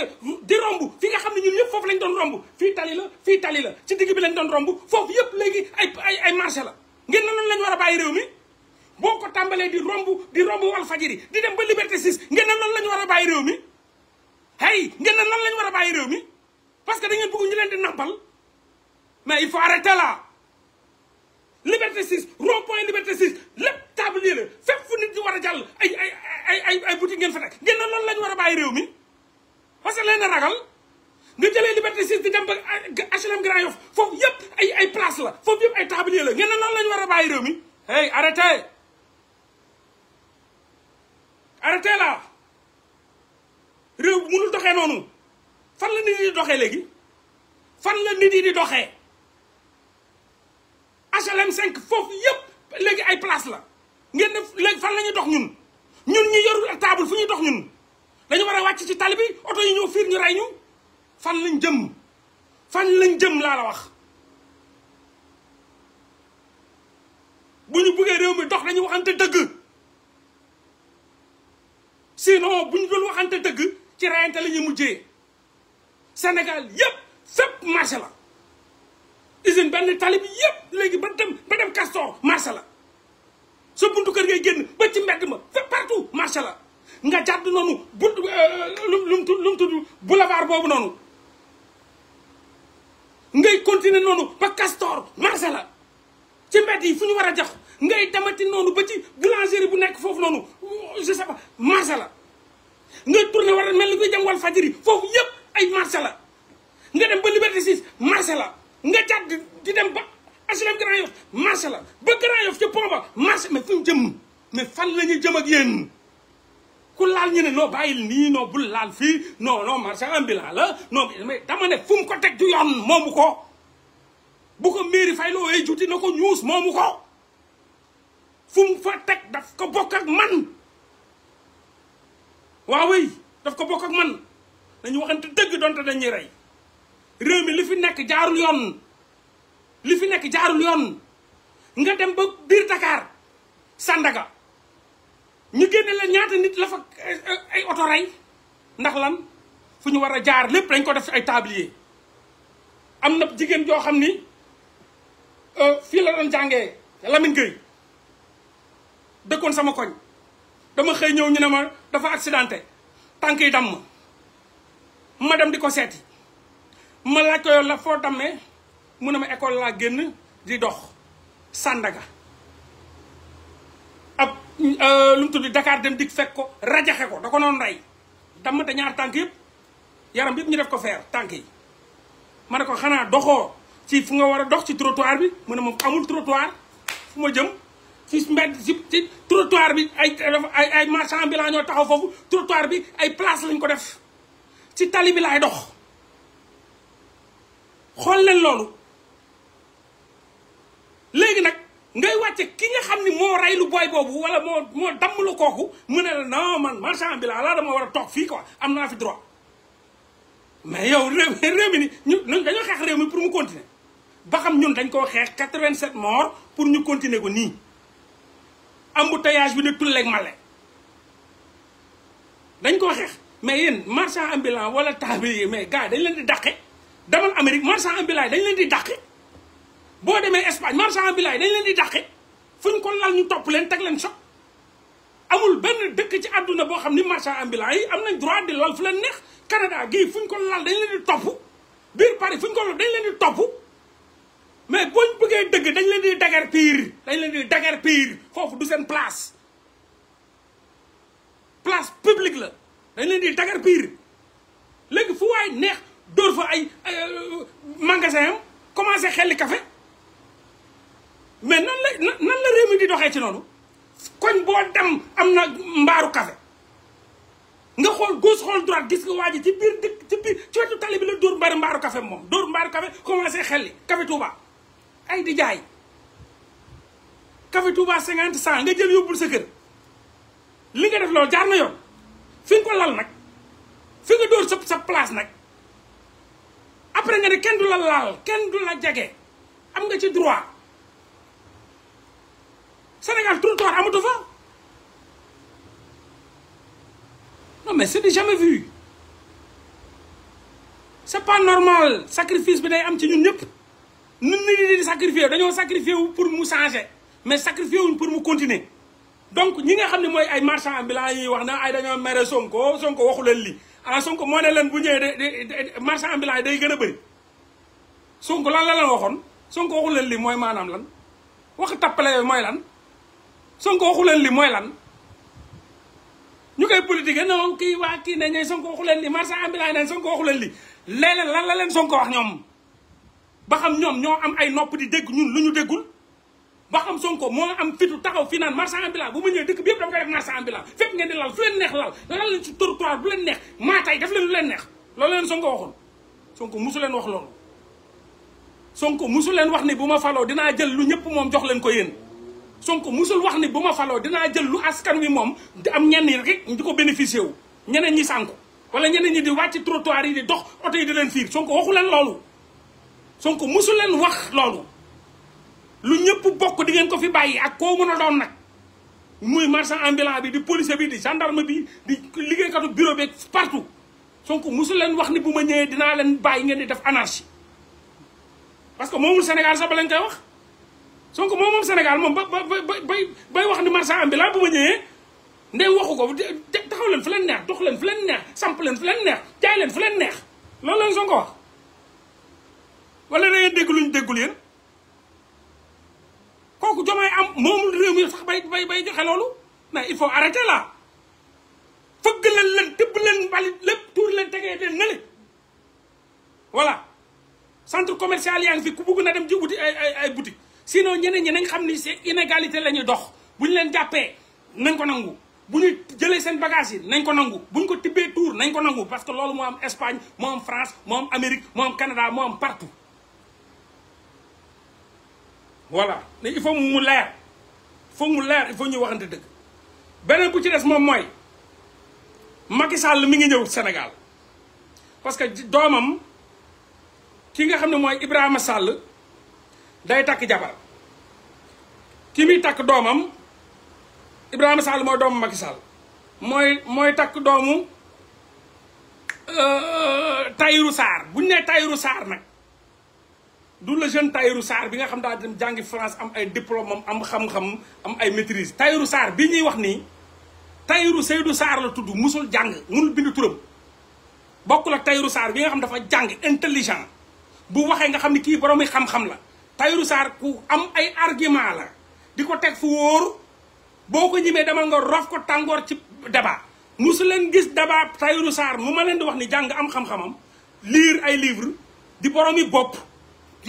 di rombu fi nga xamni ñun yëpp fofu lañ doon rombu fi tali la fi tali la ci digg bi lañ doon rombu fofu yëpp légui ay ay ay marché la ngeen ne lañ wara a réew mi boko tambalé di rombu di rombu wal fajiri di dem ba liberté 6 ngeen ne noonu lañ wara a réew mi hey ngeen ne noonu lañ wara a réew mi parce que da ngeen bëgg ñu leen di nampal mais il faut arrêter là liberté 6 rond point liberté 6 lépp tablier la fépp fu nit war a jàll ay ay ay ay ngeen fa ngeen ne loolu la ñu war a bàyyi réew mi parce que leen a ragal nga jëlee liberté 6 di dem ba HLM ah, H&M Grand Yoff foofu yëpp ay ay place la foofu yëpp ay tablier la ngeen ne loolu la war a bàyyi réew mi hey arrêtez arrêtez là réew mënul doxee noonu fan la nit yi di doxee léegi fan la nit yi di doxee HLM 5 foofu yep legui ay place la ngeen legui fan lañu dox ñun ñun ñi yoru table fu ñuy dox ñun lañu wara wacc ci talibi auto yi ñoo fiir ñu ray ñu fan lañu jëm fan lañu jëm la la wax buñu ñu buggee réew mi dox lañu waxante deug sinon buñu dul waxante deug ci rayante lañu mujjé Sénégal yep fep marché la usine benn tali bi léegi ba dem ba dem Castor marché la sa buntu kër ngay génn ba ci mbedd ma fépp partout marché la nga jàdd noonu bu euh, lu mu tudd boobu noonu ngay continuer noonu ba Castor marché la ci mbedd yi fu ñu war a jox ngay demati noonu ba ci boulangerie bu nekk foofu noonu je sais pas marché la ngay tourné war a mel ni kuy dem Walfadjri foofu yëpp ay marché la nga dem ba Liberté 6 marché nga jàdd di dem ba HLM Grand Yoff marché la ba Grand Yoff ca pont ba marché mais fu jëm mais fan la jëm ak yéen ku laal ñu ne noo bàyyil nii noo bul laal fii non non marché ambulant la dama ne fu mu ko teg du yoon moomu ko bu ko mairie fay loo way juuti na ko ñuus moomu ko fu mu fa teg daf ko bokk ak man waaw daf ko bokk ak man dañu waxante dëgg donte dañuy rey réew mi li fi nekk jaarul yoon li fi nekk jaarul yoon nga dem ba biir Dakar Sandaga ñu génne la ñaata nit la fa ay oto rey ndax lan fu ñu war a jaar lépp lañ ko def ay tablier am na jigéen joo xam ni euh, fii la doon jàngee Lamine Gueye dëkkoon sama koñ dama xëy ñëw ñu ne ma dafa accidenté tànk yi damm ma dem di ko seeti ma ko yow la fo tamé mu ma école la génn di dox sandaga. ab euh, lu mu tudd Dakar dem dik fekk ko rajaxe ko da ko noonu rey damm te ñaar tank yëpp yaram bi ñu def ko fer tank yi ma ko ci fu nga wara dox ci trottoir bi mu ne amul trottoir fu ma jëm ci mbedd ci trottoir bi ay ay marchand bi la ñoo taxaw fofu trottoir bi ay place lañ ko def ci tali bi lay dox xool leen loolu léegi nag ngay wàcce ki nga xam ni moo rey lu booy boobu wala moo moo damm lu kooku mu ne la non man marchand bi laa la dama war a toog fii ko am naa fi droit mais yow réew mi ni ñu dañoo xeex réew mi pour mu continuer ba xam ñun dañ koo xeex 87 morts pour ñu continuer ko nii embouteillage bi ne tulleeg male dañ koo xeex mais yéen marchand ambulant wala taabé yi mais gars dañ leen di dàqe demal Amérique marchand ambulant yi dañ leen di dàqe boo demee Espagne marchand ambulant dañ leen di dàqe fu ñu ko lal ñu topp leen teg leen choc amul benn dëkk ci àdduna boo xam ni marchand ambulant yi am nañ droit di lal fu leen neex Canada gii fu ñu ko lal dañ leen di topp biir Paris fu ñu ko lal dañ leen di topp mais boo ñu bëggee dëgg dañ leen di dagar piir dañ leen di dagar piir foofu du seen place place publique la dañ leen di dagar piir léegi fu waay neex dóor fa ay euh, magasin am commencé xelli café mais nan la nan la réew mi di doxé ci nonou koñ bo dem amna na café nga xol gauche xol droite gis nga waa ci bir dëkk ci biir ci wetu tali bi la dóor mbari mbaaru café mom dóor mbaaru café commencé xelli café Touba ay di jaay café Touba 50 cent nga jël yobul sa keur li nga def loolu jaar na yoon fi ko lal nak fi nga dóor sa place nak après nga ne kenn du la laal kenn du la jege am nga ci droit Sénégal trottoir amatu fa non mais c'est jamais vu c'est pas normal sacrifice bi day am ci ñun ñëpp ñun ni di sacrifier dañoo sacrifier wu pour mu changer mais sacrifier wuñ pour mu continuer donc ñi nga xam ne mooy ay marchand ambulant yi wax na ay dañoo mere Sonko Sonko waxu li ah Sonko moo ne leen bu ñëwee de marché ambulant yi day gën a bëri Sonko lan la leen waxoon Sonko waxu leen mooy maanaam lan wax tappale yooyu Sonko waxu leen lii mooy lan ñu koy politique non kii waa kii ne ñooy Sonko waxu leen lii marché ambulant yi ne Sonko waxu leen lan la leen Sonko wax ñoom ba xam ñoom ñoo am ay nopp di dégg ñun lu ñu déggul. ba xam Sonko moo am fitu taxaw fi naan marchand ambulant bu ma ñëwee dëkk bi yëpp dama koy def marchand ambulant fépp ngeen di lal fu leen neex lal lal leen ci trottoir bu leen neex maatay def leen lu leen neex loolu leen Sonko waxoon Sonko musu leen wax loolu Sonko musul bu ma faloo dinaa jël lu ñëpp moom jox leen ko yéen Sonko musul wax ni bu ma faloo dinaa jël lu askan wi moom di am ñenn yi rek di ko bénéficier wu ñeneen ñi sànku wala ñeneen ñi di wàcc trottoir yi di dox oto yi di Sonko waxu leen loolu Sonko musu leen wax loolu lu ñepp bokk di ngeen ko fi bayyi ak ko mëna doon nak muy marchand ambulance bi di police bi di gendarme bi di katu bureau bi partout sonko musul len wax ni buma ñëwé dina len bayyi ngeen di def anarchie parce que momul sénégal sa ba leen koy wax sonko momul sénégal mom ba bay bay wax ni marchand ambulance buma ñëwé ndé ndey waxu ko taxaw len fu len neex dox len fu len neex samp len fu len neex jaay len fu len neex loolu leen sonko wax wala da ngeen dégg luñ déggul kooku Diomaye am moomul réew mi sax bay bay bay joxe loolu mais il faut arrêter la fëgg leen leen tëbb leen mbalit lépp tuur leen tegee leen nële voilà centre commercial yaa ngi fi ku bugg na dem ji wuti ay ay ay boutique sinon ñeneen ñi nañ xam ni c'est inégalité la ñuy dox bu ñu leen jàppee nañ ko nangu bu ñu jëlee seen bagage yi nañ ko nangu bu ñu ko tibbee tuur nañ ko nangu parce que loolu moo am Espagne moo am France moo am Amérique moo am Canada moo am partout voilà mais il faut mu leer foog mu il faut ñu waxante dëgg beneen bu ci des moom mooy Macky Sall mi ngi ñëw senegal parce que doomam ki nga xam ne mooy Ibrahima sàll day takk jabar ki muy takk doomam Ibrahima Sall mooy doomu Macky Sall mooy mooy takk doomu euh, Tahirou Sarr bu ñu nee Tahirou saar nag du le jeune Tahirou Sarr bi nga xam daa dem jàngi France am ay diplôme am xam-xam am ay maîtrise Tahirou Sarr bi ñuy wax nii Tahirou Seydou saar la tudd musul jàng munul bind turam bokk la Tahirou Sarr bi nga xam dafa jàng intelligent bu waxee nga xam ni kii boroomi xam-xam la Tahirou Sarr ku am ay argument la di ko teg fu wóor boo ko ñimee demal nga rof ko tàngoor ci daba musu leen gis débat Tahirou Sarr mu ma leen di wax ni jàng am xam-xamam lire ay livre di boroomi bopp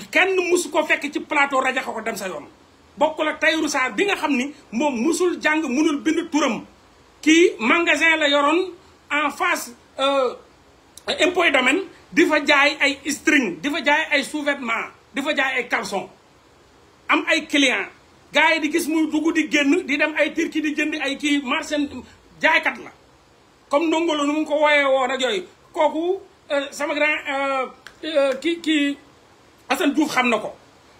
kenn mosu ko fekk ci plateau rajo ko dem sa yoon bokkul ak Tahirou saar bi nga xam ni moom mosul jàng munul bind turam kii magasin la yoroon en face euh, impôt domaine di fa jaay ay string di fa jaay ay sous-vêtements di fa jaay ay caleçon am ay client gars yi di gis muy dugg di génn di dem ay turki di jënd ay kii marchand jaaykat la comme ndongolo nu mu ko wooyee woon ak yooyu kooku euh, sama grand ki euh, kii Assane Diouf xam na ko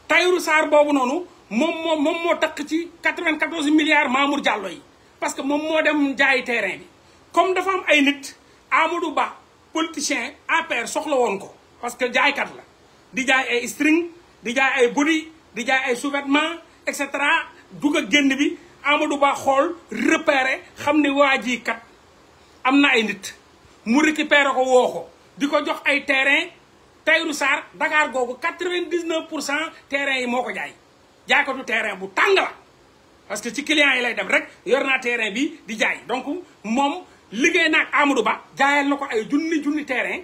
Tahirou Sarr boobu noonu moom moo moom moo takk ci 94 milliards Mamour Diallo yi parce que moom moo dem jaay terrain bi comme dafa am ay nit Amadou Ba politicien APR soxla woon ko parce que jaaykat la di jaay ay string di jaay ay body di jaay ay sous-vêtements et cetera dugg ak génn bi du baax xool repéré xam ne waa jii kat am na ay nit mu récupéré ko woo ko di ko jox ay terrain Tahirou Sarr dakaar googu quatre-vingt-dix-neuf pour cent terrain yi moo ko jaay jaaykatu terrain bu tàng la parce que ci clients yi lay dem rek yor naa terrain bi di jaay donc moom liggéey naag Amadou Ba jaayal na ko ay junni junni terrain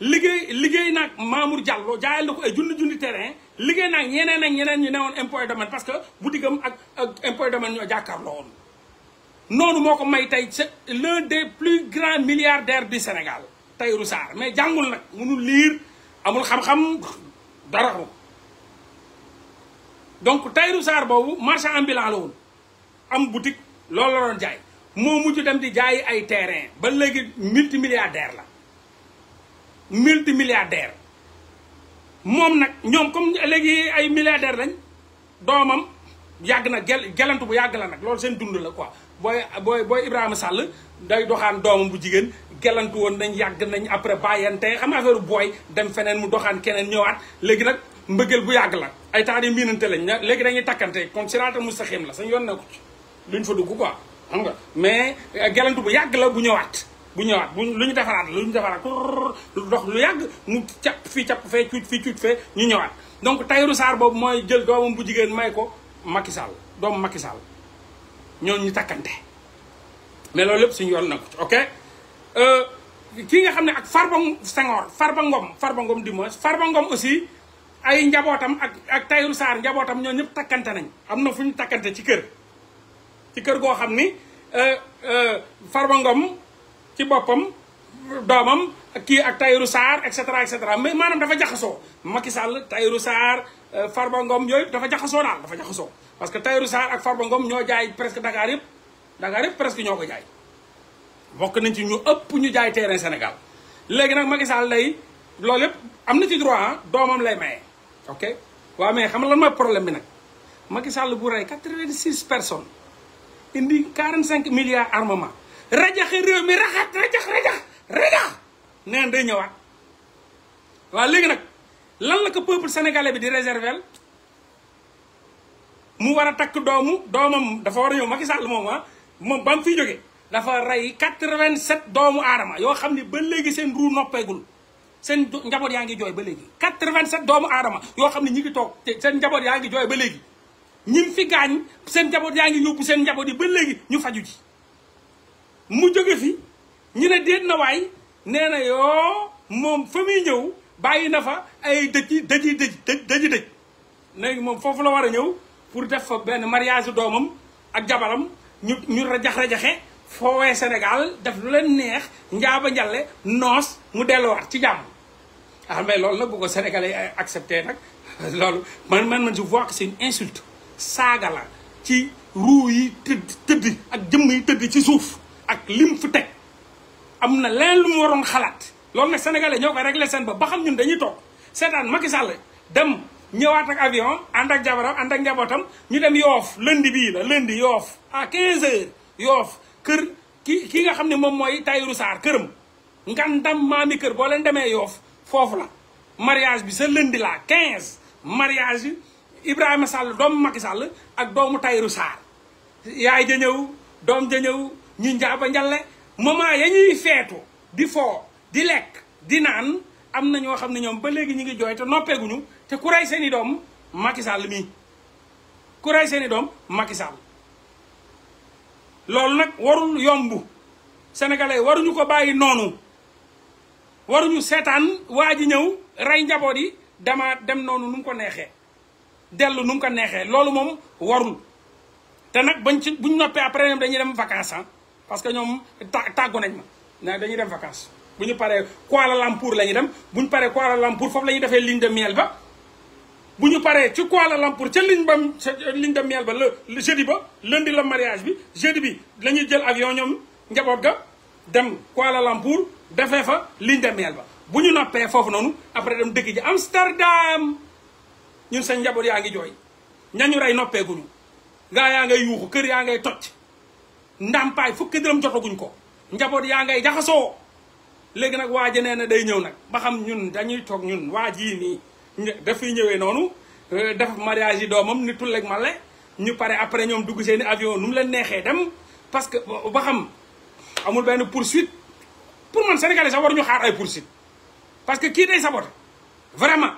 liggéey liggéey naag Mamour Diallo jaayal na ko ay junni junni terrain liggéey naag ñeneen ak ñeneen ñu newoon impôt domaine parce que bu diggam ak ak impôt domaine ñoo jàkkaarloo woon noonu moo ko may tey c'est l'un des plus grands milliardaires du Sénégal Tahirou Sarr mais jangul nak munu lire amul xam-xam dara ko donc Tahirou Sarr bobu marchand ambulant lawon am boutique loolu la don jaay mo muccu dem di jaay ay terrain ba léegi multimilliardaire la multimilliardaire mom nak ñom comme legui ay milliardaire lañ domam yag na gelantou bu yag la nak loolu sen dund la quoi booy booy booy Ibrahima Sall day doxaan doomam bu jigéen gelantu woon nañ yàgg nañ après bàyyante xam affaire booy dem feneen mu doxaan keneen ñëwaat léegi nag mbëggeel bu yàgg la ay temps de miinante lañ na léegi dañuy takkante kon siraatal mustaxim la sañ yoon na ko ci luñ dugg quoi xam mais euh, gelantu bu yàgg la bu ñëwaat bu ñëwaat bu lu ñu defaraat lu ñu defaraat lu dox lu yàgg mu càpp fii càpp fee cuut fii cuut fee ñu ñëwaat donc Tahirou saar boobu mooy jël doomam bu jigéen may ko Macky Sall doomu Macky Sall ñooñu ñu takkante mais loolu lépp suñu yoon na ko ci ok euh, ki nga xam ne ak farba sangor farba ngom farba ngom du moins farba ngom aussi ay njabootam ak ak tayru saar njabootam ñoo ñëpp takkante nañ am na fu ñu takkante ci kër ci kër goo xam ni euh, euh, farba ngom ci boppam doomam ki ak tayru saar et cetera et cetera mais maanaam dafa jaxasoo Macky tayru saar Eh, Farba Ngom yooyu dafa jaxasoo dal dafa jaxasoo parce que tayru sar ak Farba Ngom ñoo jaay presque Dakar yëpp Dakar yëpp presque ñoo ko jaay bok nañ ci ñu upp ñu jaay terrain senegal léegi nak Macky Sall lay loolu yëpp ci droit ah, domam lay maye ok wa mais xam lan moy problème bi nak Macky Sall bu ray 86 personnes indi 45 milliards armement rajaxe rew mi raxat rajax rajax rajax neen day ñëwaat waaw léegi lan la ko peuple sénégalais bi di réserver mu wara tak doomu domam dafa wara a Macky Sall mom ha ah, mom bam mu joggé dafa ray 87 doomu arama yo xamni ba légui seen ru noppeegul seen njabot yaangi joy ba légui 87 doomu arama yo xamni ñi ngi tok te seen njaboot yaa ngi ba légui ñim fi gañ seen njabot yaangi seen njabot yi ba légui ñu faju ci mu jóge fi ñu ne na way nee yo mom fami ñew bàyyi na fa ay dëj dëj yi dëj dëj dëj léegi moom foofu la war a ñëw pour def fa benn mariage doomam ak jabaram ñu ñu rajax rajaxe foowee Sénégal def lu leen neex njaaba njalle noos mu delluwaat ci jàmm ah mais loolu nag bu ko sénégalais accepté nag loolu man man man je vois que c'est saaga la ci ruu yi tëdd tëdd ak jëmm yi tëdd ci suuf ak lim fi teg am na leen lu mu waroon xalaat loolu nag sénégalais ñoo koy réglé seen bopp ba xam ñun dañuy toog seetaan Macky Sall dem ñëwaat ak avion ànd ak jabaram ànd ak njabootam ñu dem yoof lundi bii la lundi yoof à 15 heures yoof kër ki ki nga xam ne moom mooy Tahirou Sarr këram ngandam maami kër boo leen demee yoof foofu la mariage bi sa lundi la 15 mariage bi Ibrahima Sall doomu Macky Sall ak doomu Tahirou Sarr yaay ja ñëw doom ja ñëw ñu njaaba njalle moment ya ñuy feetu di foo di lekk di naan am na ñoo xam ne ñoom ba léegi ñu ngi jooy te noppeeguñu te ku rey seen i doom Macky Sall mii ku rey seen i doom Macky loolu nag warul yomb sénégalais waruñu ko bàyyi noonu waruñu seetaan waa ji ñëw rey njaboot yi dama dem noonu nu mu ko neexee dellu nu mu ko neexee loolu moom warul te nag bañ ci buñ noppee après ñoom dañuy dem vacances ah parce que ñoom tàggu nañ ma na dañuy dem vacances bu ñu paree Kuala Lumpur la ñu dem bu ñu paree Kuala Lumpur foofu la defee ligne de miel ba bu ñu paree ci Kuala Lumpur ca ligne ba ligne de miel ba le jeudi ba lundi la mariage bi jeudi bi la ñuy jël avion ñoom njaboot ga dem Kuala Lumpur defee fa ligne de miel ba bu ñu noppee foofu noonu après dem dëkk ji Amsterdam ñun seen njaboot yaa ngi jooy ñañu rey noppeeguñu gaa yaa ngay yuuxu kër yaa ngay toj ndampaay fukki dërëm jotaguñ ko njaboot yaa ngay jaxasoo léegi nag waa ji nee na day ñëw nag ba xam ñun dañuy toog ñun waa jii nii dafay ñëwee noonu euh, def mariage yi doomam ni tulleeg male ñu pare après ñoom dugg seeni avion nu mu leen neexee dem parce que ba xam amul benn pour poursuite pour man sénégalais sax waruñu xaar ay poursuite parce que kii day sabote vraiment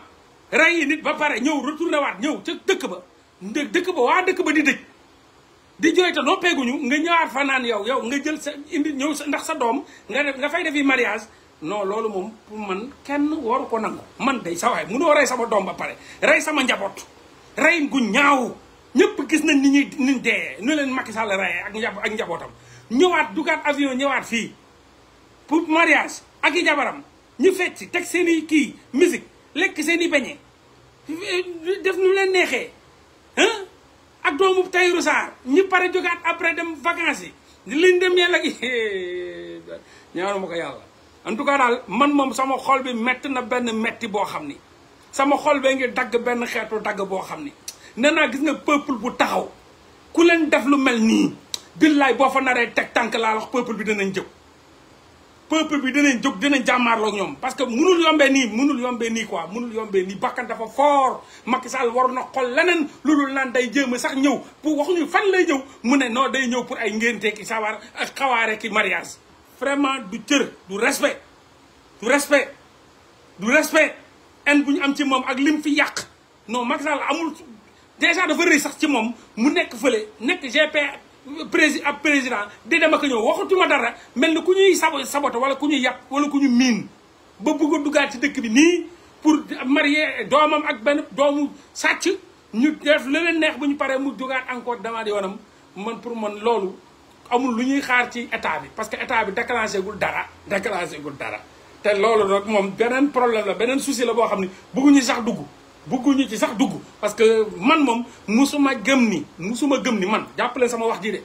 rey yi nit ba pare ñëw retourné waat ñëw ca dëkk ba dëkk ba waa dëkk ba di dëj di jooy te noppeeguñu nga ñëwaat fanaan naan yow yow nga jël sa indi ñëw sa ndax sa doom nga def nga fay defi mariage noo loolu moom pour man kenn waru ko nangu man day sa waay munoo rey sama doom ba pare rey sama njaboot rey gu ñaaw ñëpp gis nañ ni ñuy niñ dee nu leen Macky Sall reyee ak ak njabootam ñëwaat dugaat avion ñëwaat fii pour mariage ak i jabaram ñu fecc teg seen i kii musique lekk seen i beñe def nu leen neexee ak doomu Tahirou Sarr ñi pare jógaat après dem vacances yi ni liñ dem yàlla gi ñaanu ma ko yàlla en tout cas daal man moom sama xol bi métti na benn metti boo xam ni sama xol bee ngi dagg benn xeetu dagg boo xam ni nee naa gis nga peuple bu taxaw ku leen def lu mel nii billaay boo fa naree teg tànk laa wax peuple bi danañ jëw peuple bi dinañ jóg dinañ jàmmaarloog ñoom parce que munul yombee nii munul yombee nii quoi munul yombee nii bakkan dafa fort Macky Sall war na xol leneen lu loolu lan day jéem sax ñëw pour waxuñu fan lay ñëw mu ne noo day ñëw pour ay ngénte ki sabar ak xawaare ki mariage vraiment du cër du respect du respect du respect en bu ñu am ci moom ak lim fi yàq noo Macky Sall amul déjà dafa rëy sax ci moom mu nekk fële nekk GP prési ab président di dem ak ñëw waxatuma dara mel ni ku ñuy sabo sabote wala ku ñuy yàpp wala ku ñu miin ba bëgg a duggaat ci dëkk bi nii pour marier doomam ak benn doomu sàcc ñu def leneen neex bu ñu paree mu dugaat encore di yoonam man pour man loolu amul lu ñuy xaar ci état bi parce que état bi déclenché gul dara déclenché gul dara te loolu nag moom beneen problème la beneen souci la boo xam ne bëgguñu sax dugg bëgguñu ci sax dugg parce que man moom musuma gëm ni musuma gëm ni man jàppale sama wax ji de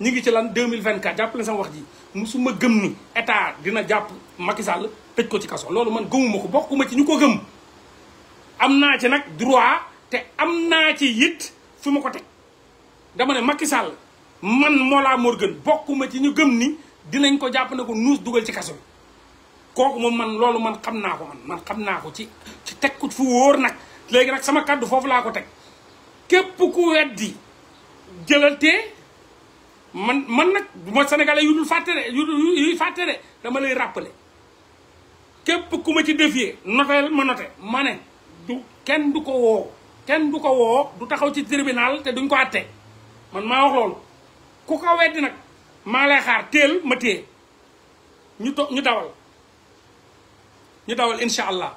ñu ngi ci lan mille vingt 2024 jàppale sama wax ji musuma gëm ni état dina jàpp Macky Sall tëj ko ci kaso loolu man gëmuma ko bokkuma ci ñu ko gëm am naa ci nag droit te am naa ci it fi ma ko teg dama ne Macky Sall man Mollah Morgun bokkuma ci ñu gëm ni dinañ ko jàpp na ko nuus dugal ci kaso bi kooku moom man loolu man xam naa ko man man xam naa ko ci teg ku fu wóor nag léegi nag sama kàddu foofu laa ko teg képp ku weddi jëlantee man man nag du ma sénégalais yu dul fàtte de yu dul yuy fàtte de dama lay rappeler képp ku ma ci défier noteel ma note ma ne du kenn du ko woo kenn du ko woo du taxaw ci tribunal te duñ ko àtte man maa wax loolu ku ko weddi nag maa lay xaar teel ma téye ñu to ñu dawal ñu dawal incha allah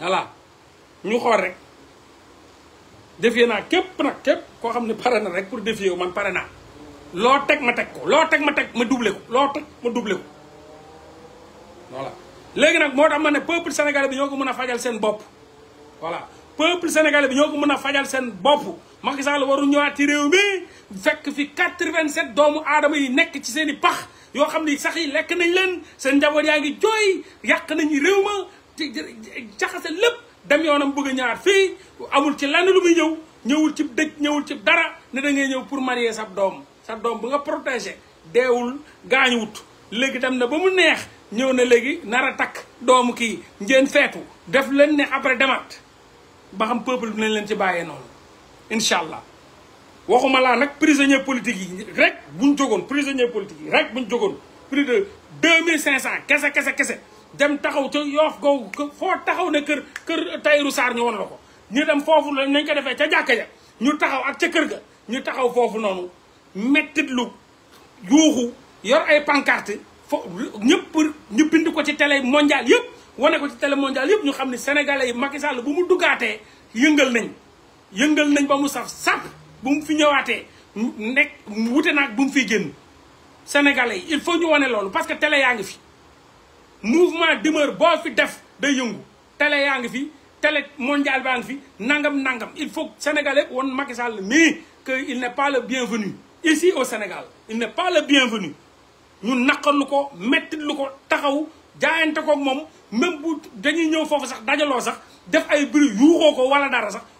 voilà ñu xool rek défier naa képp nag képp koo xam ne pare na rek pour défier wu man pare naa loo teg ma teg ko loo teg ma teg ma doublé ko loo teg ma doublé ko voilà léegi nag moo tax ma ne peuple sénégalais bi ñoo ko mën a fajal seen bopp voilà peuple sénégalais bi ñoo ko mën a fajal seen bopp Macky Sall waru ñëwaat ci réew mi fekk fi quatre-vingt-sept doomu aadama yi nekk ci seen i pax yoo xam ni sax yi lekk nañ leen seen njaboot yaa ngi jooy yàq nañu réew ma jaxase lépp dem yoonam bëgg ñaar fii amul ci lan lu muy ñëw ñëwul ci dëj ñëwul ci dara ne da ngay ñëw pour marier sab doom sa doom bu nga protégé deewul gaañuwut léegi dem na ba mu neex ñëw na léegi nar a takk doomu kii ngeen feetu def leen ne après demat ba xam peuple bi leen ci bàyyee noonu incha allah waxuma laa nag prisonnier politique yi rek buñ jógoon prisonnier politique yi rek buñ jógoon plus de deux mille cinq cent kese kese kese dem taxaw ca yoo googu foo taxaw ne kër kër Tahirou Sarr ñu woon la ñu dem foofu la nañ ko defee ca jàkka ñu taxaw ak ca kër ga ñu taxaw foofu noonu mettit lu yuuxu yor ay pancarte fo ñëpp ñu bind ko ci télé mondial yëpp wane ko ci télé mondial yëpp ñu xam ne sénégalais yi Macky Sall bu mu duggaatee yëngal nañ yëngal nañ ba mu saf sàpp bu mu fi ñëwaatee nekk wute naag bu sénégalais il faut ñu wane loolu parce que télé yaa fi mouvement demeure boo fi def de yëngu télé yaa fi télé mondial baa fi nangam nangam il faut sénégalais won Macky Sall mais que il n'est pas le bienvenu ici au Sénégal il n'est pas le bienvenu ñu naqarlu ko mettit lu ko taxaw jaayante ko mom, même bu dañuy ñëw fofu sax dajalo sax def ay bruit yuuxoo ko wala dara sax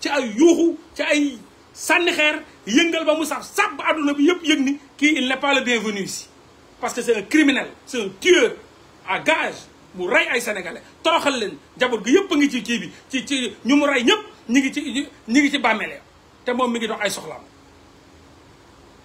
ci ay yuuxu ci ay sànni xeer yëngal ba mu saf sab aduna bi yëpp yëg ni il n'est pas le bienvenu ici parce que c'est un criminel c'est un tueur à gage mu ray ay sénégalais toroxal leen jabot gi yëpp ngi ci ci bi ci ci ñu mu ray ñëpp ñi ngi ci ñi ngi ci bàmmeele te moom mi ngi dox ay soxlaam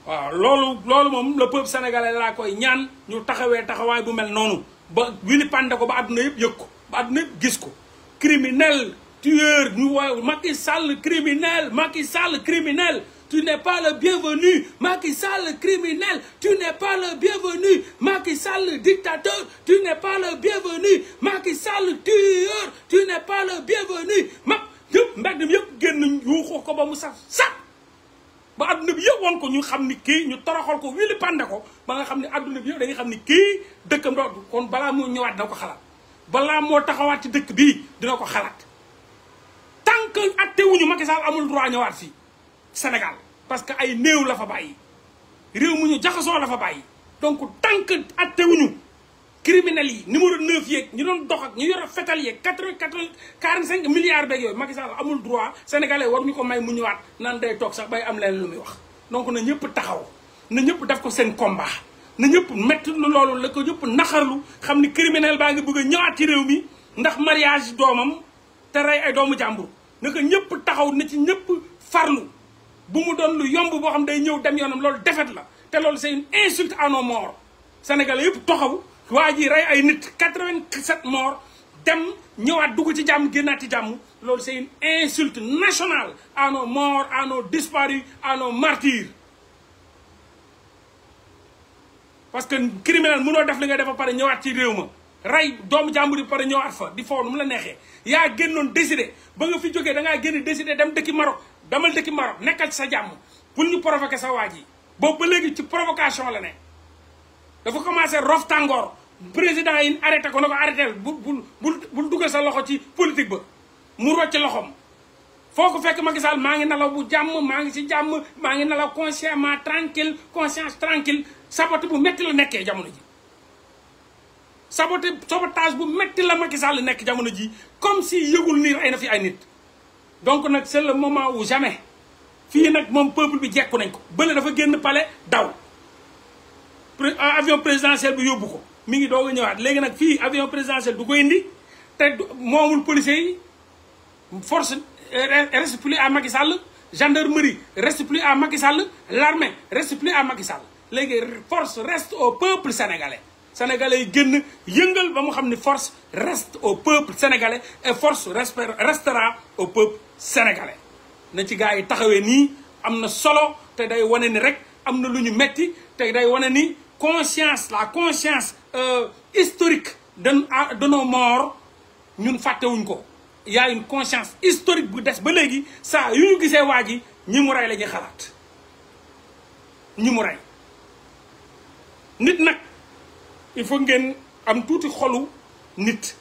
waaw loolu loolu moom le peuple sénégalais laa koy ñaan ñu taxawee taxawaay bu mel noonu ba wili pande ko ba aduna yëpp yëg ko ba yëpp gis ko criminel tueur, nous, Macky Sall criminel, Macky Sall criminel, tu n'es pas le bienvenu, Macky Sall criminel, tu n'es pas le bienvenu, Macky Sall dictateur, tu n'es pas le bienvenu, Macky Sall tueur, tu n'es pas le bienvenu, Macky yëpp mbedd mi yëpp génn yuuxoo ko ba mu sax sax ba adduna bi yëpp ko ñu xam ki kii ñu toroxal ko wili pandako, ko ba nga xam ne adduna bi yëpp dañuy xam ni kii dëkkam dootu kon balaa moo ñëwaat dina ko xalaat balaa moo taxawaat ci dëkk bii dina ko xalaat tant que atte wuñu Macky Sall amul droit ñëwaat fii Sénégal parce que ay néew la fa bàyyi réew mu ñu jaxasoo la fa bàyyi donc tant que atte wuñu criminels yi numéro 9 yeeg ñu doon dox ak ñu yor fetal yeeg quatre quatre quarante cinq milliards beeg yooyu Macky amul droit sénégalais war ñu ko may mu ñëwaat naan day toog sax bay am leen lu muy wax. donc na ñëpp taxaw na ñëpp def ko seen combat na ñëpp métti loolu la ko ñëpp naxarlu xam ni criminel baa ngi bëgg a ci réew mi ndax mariage doomam. teray ay doomu jambour naka ñepp taxaw na ci ñepp farlu bu mu don lu yomb bo xam day ñew dem yonam lool defet la te lool c'est une insulte à nos morts sénégalais yépp taxaw waji ray ay nit 87 morts dem ñëwaat duggu ci jamm génnaat jamm lool c'est une insulte nationale à nos morts à nos disparus à nos martyrs parce que criminel mëno def li nga def ba paré ñëwaat ci réew ma rey doomu jàmbur yi pare ñëwaat fa di foofu mu la neexee yaa génnoon décidé ba nga fi jógee da ngaa génn décidé dem dëkki marok damal dëkki Maroc nekkal ci sa jàmm pour ñu provoquer sa waaj yi boobu ba léegi ci provocation la ne dafa commencé rof tàngoor président yi arrêté ko na ko arrêté bu bu bul dugal sa loxo ci politique ba mu rocc loxoom foo ko fekk Macky Sall maa ngi nalaw bu jàmm maa ngi si jàmm maa ngi nalaw consciemment tranquille conscience tranquille sabatu bu métti la nekkee jamono ji saboté sabotage bu metti la Macky Sall nekk jamono ji comme si yëgul nii ay na fi ay nit donc nak c'est le moment où jamais fi nak mom peuple bi jekku nañ ko bële dafa genn palais daw euh, avion présidentiel bu yobou ko mi ngi doog ñëwaat léegi avion présidentiel du ko indi te momul policiers yi force euh, reste plus à Macky Sall gendarmerie reste plus à Macky Sall l'armée reste plus à Macky Sall léegi force reste au peuple sénégalais sénégalais guen génn yëngal ba mu force reste au peuple sénégalais et force restera au peuple sénégalais na ci gars taxawé ni amna solo té day wane ni rek amna luñu metti té day ni conscience la conscience euh, historique de nos morts ñun wuñ ko y a une conscience historique bu dess ba légui ça yu ñu gisee nous ñi mu ray lañu xalat ñi mu ray nit nak il faut ngeen am tuuti xolu nit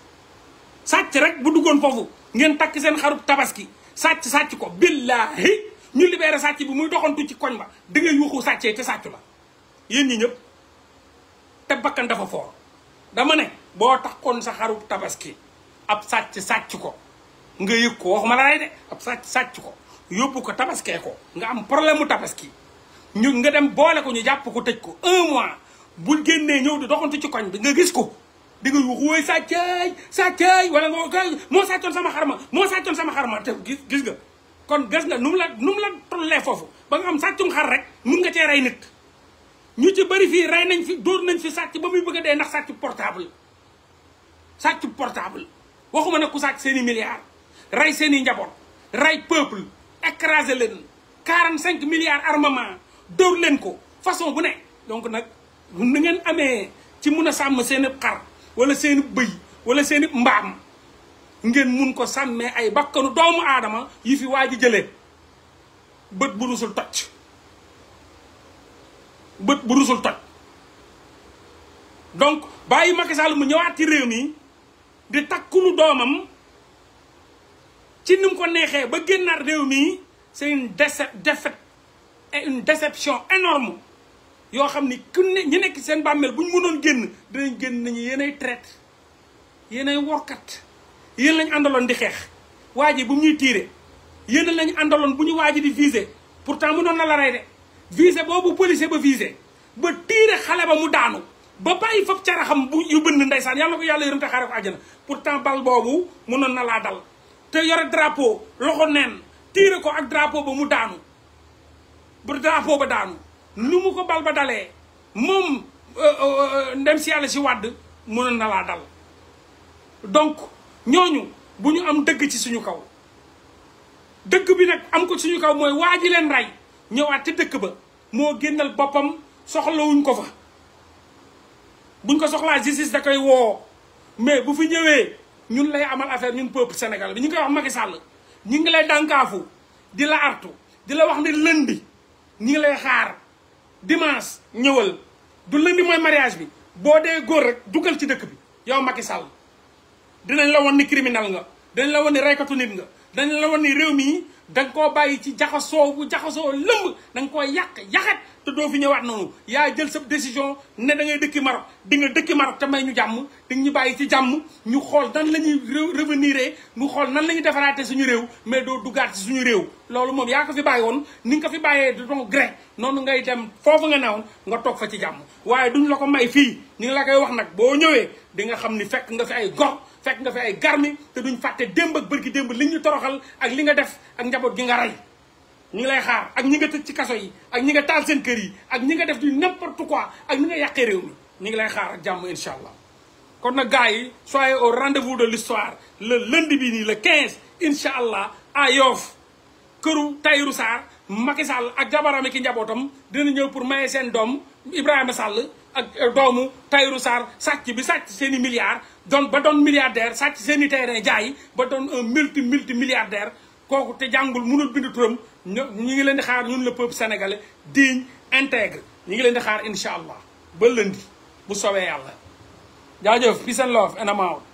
sàcc rek bu duggoon foofu ngeen takk seen xarub tabaski sàcc sàcc ko billaahi ñu libéré sàcc bi muy doxantu ci koñ ba da ngay yuuxu sàccee te sàccu la yéen ñi ñëpp te bakkan dafa foor dama ne boo takkoon sa xarub tabaski ab sàcc sàcc ko nga yëg ko waxuma la de ab sàcc sàcc ko yóbbu ko tabaskee ko nga am problème mu tabaski ñu nga dem boole ko ñu jàpp ko tëj ko un mois buñ génnee ñëw di doxantu ci koñ bi nga gis ko di nga yuuxu wooy sàccaay sàccaay wala nga ko moo sàccoon sama xarma moo sàccoon sama xarma te gis gis nga kon gas nga nu mu la nu mu la foofu ba nga xam sàccum xar rek mun nga cee rey nit ñu ci bëri fii rey nañ fi dóor nañ fi sàcc ba muy bëgg a dee ndax sàcc portable sàcc portable waxuma ne ku sàcc seen i milliards rey seen i njaboot rey peuple écrasé leen quarante cinq milliards armement dóor leen ko façon bu ne donc nag ni ngeen amee ci mun a sàmm seeni xar wala seen bëy wala seeni mbaam ngeen mun ko sàmmee ay bakkanu doomu aadama yi fi waa ji jëlee bët bu rusul toj bët bu donc bàyyi Macky Sall mu ñëwaat ci réew mi di takkulu doomam ci ni mu ko neexee ba génnaat réew mi c'est une déce défaite et une déception énorme yoo xam ni ku ne ñu nekk seen bàmmeel bu ñu mënoon génn dinañ génn nañu yéenay traite yéenay workat yéen lañ àndaloon di xeex waa ji bu ñuy tiire yéen lañ àndaloon bu ñu waa ji di visé pourtant noon na la rey de visé boobu policier ba visé ba tiire xale ba mu daanu ba bàyyi fab cara xam bu yu ndey saan yàlla ko yàlla yërëm te xaare ko àjjana pourtant bal boobu mënoon na laa te yore drapeau loxo neen tiire ko ak drapo ba mu daanu bu drapeau ba daanu lu mu ko bal ba dalee moom euh, euh, euh, ndem si yàlla si wàdd mënoon na laa dal donc ñooñu bu ñu am dëgg ci suñu kaw dëgg bi nag am ko suñu kaw mooy waa ji leen rey ñëwaat ci dëkk ba moo génnal boppam soxlawuñ ko fa buñ ko soxlaa justice da koy woo mais bu fi ñëwee ñun lay amal affaire ñun peuple Sénégal bi ñu koy wax Macky Sall ñu ngi lay dànkaafu di la artu di la wax ni lëndi ñu ngi lay xaar dimanche ñëwal du lundi mooy mariage bi boo dee góor rek dugal ci dëkk bi yow Macky Sall dinañ la woon ni criminel nga dinañ la woon ni reykatu nit nga dañ la woon ni réew mi da koo bàyyi ci jaxasoo bu jaxasoo lëmb da koo yàq yaxat te doo fi ñëwaat noonu yaa jël sab décision ne da ngay dëkki Maroc di dëkki Maroc te may ñu jàmm di ñu bàyyi ci jàmm ñu xool nan la ñuy revenir ñu xool nan la ñuy defaraate suñu réew mais doo duggaat ci suñu réew loolu moom yaa ko fi bàyyi woon ni nga ko fi bàyyee de ton gré noonu ngay dem foofu nga newoon nga toog fa ci jàmm waaye duñ la ko may fii ñu la koy wax nag boo ñëwee di nga xam ni fekk nga fi ay gor fekk nga fi ay garmi te duñ fàtte démb ak bërki démb li ñu toroxal ak li nga def ak njaboot gi nga rey ñu ngi lay xaar ak ñi nga tëj ci kaso yi ak ñi nga taal seen kër yi ak ñi nga def du n'importe quoi ak ñi nga yàqee réew mi ñu ngi lay xaar ak jàmm incha allah. kon nag gars yi soyez au rendez-vous de l'histoire le lundi bi nii le 15 incha allah à Yoff këru Tahirou Sarr Macky sàll ak jabaram ki njabootam dina ñëw pour maye seen doom Ibrahima Sall. ak euh, doomu Tahirou Sarr sàcc bi sàcc seen i milliards doon ba doon milliardaire sàcc seen i terrain jaay ba doon un multi multi milliardaire kooku te jàngul mënul bind ño ñu ngi leen di xaar ñun le peuple sénégalais digne intègre ñu ngi leen di xaar incha allah ba lëndi bu soobee yàlla jaajëf peace and love and I'm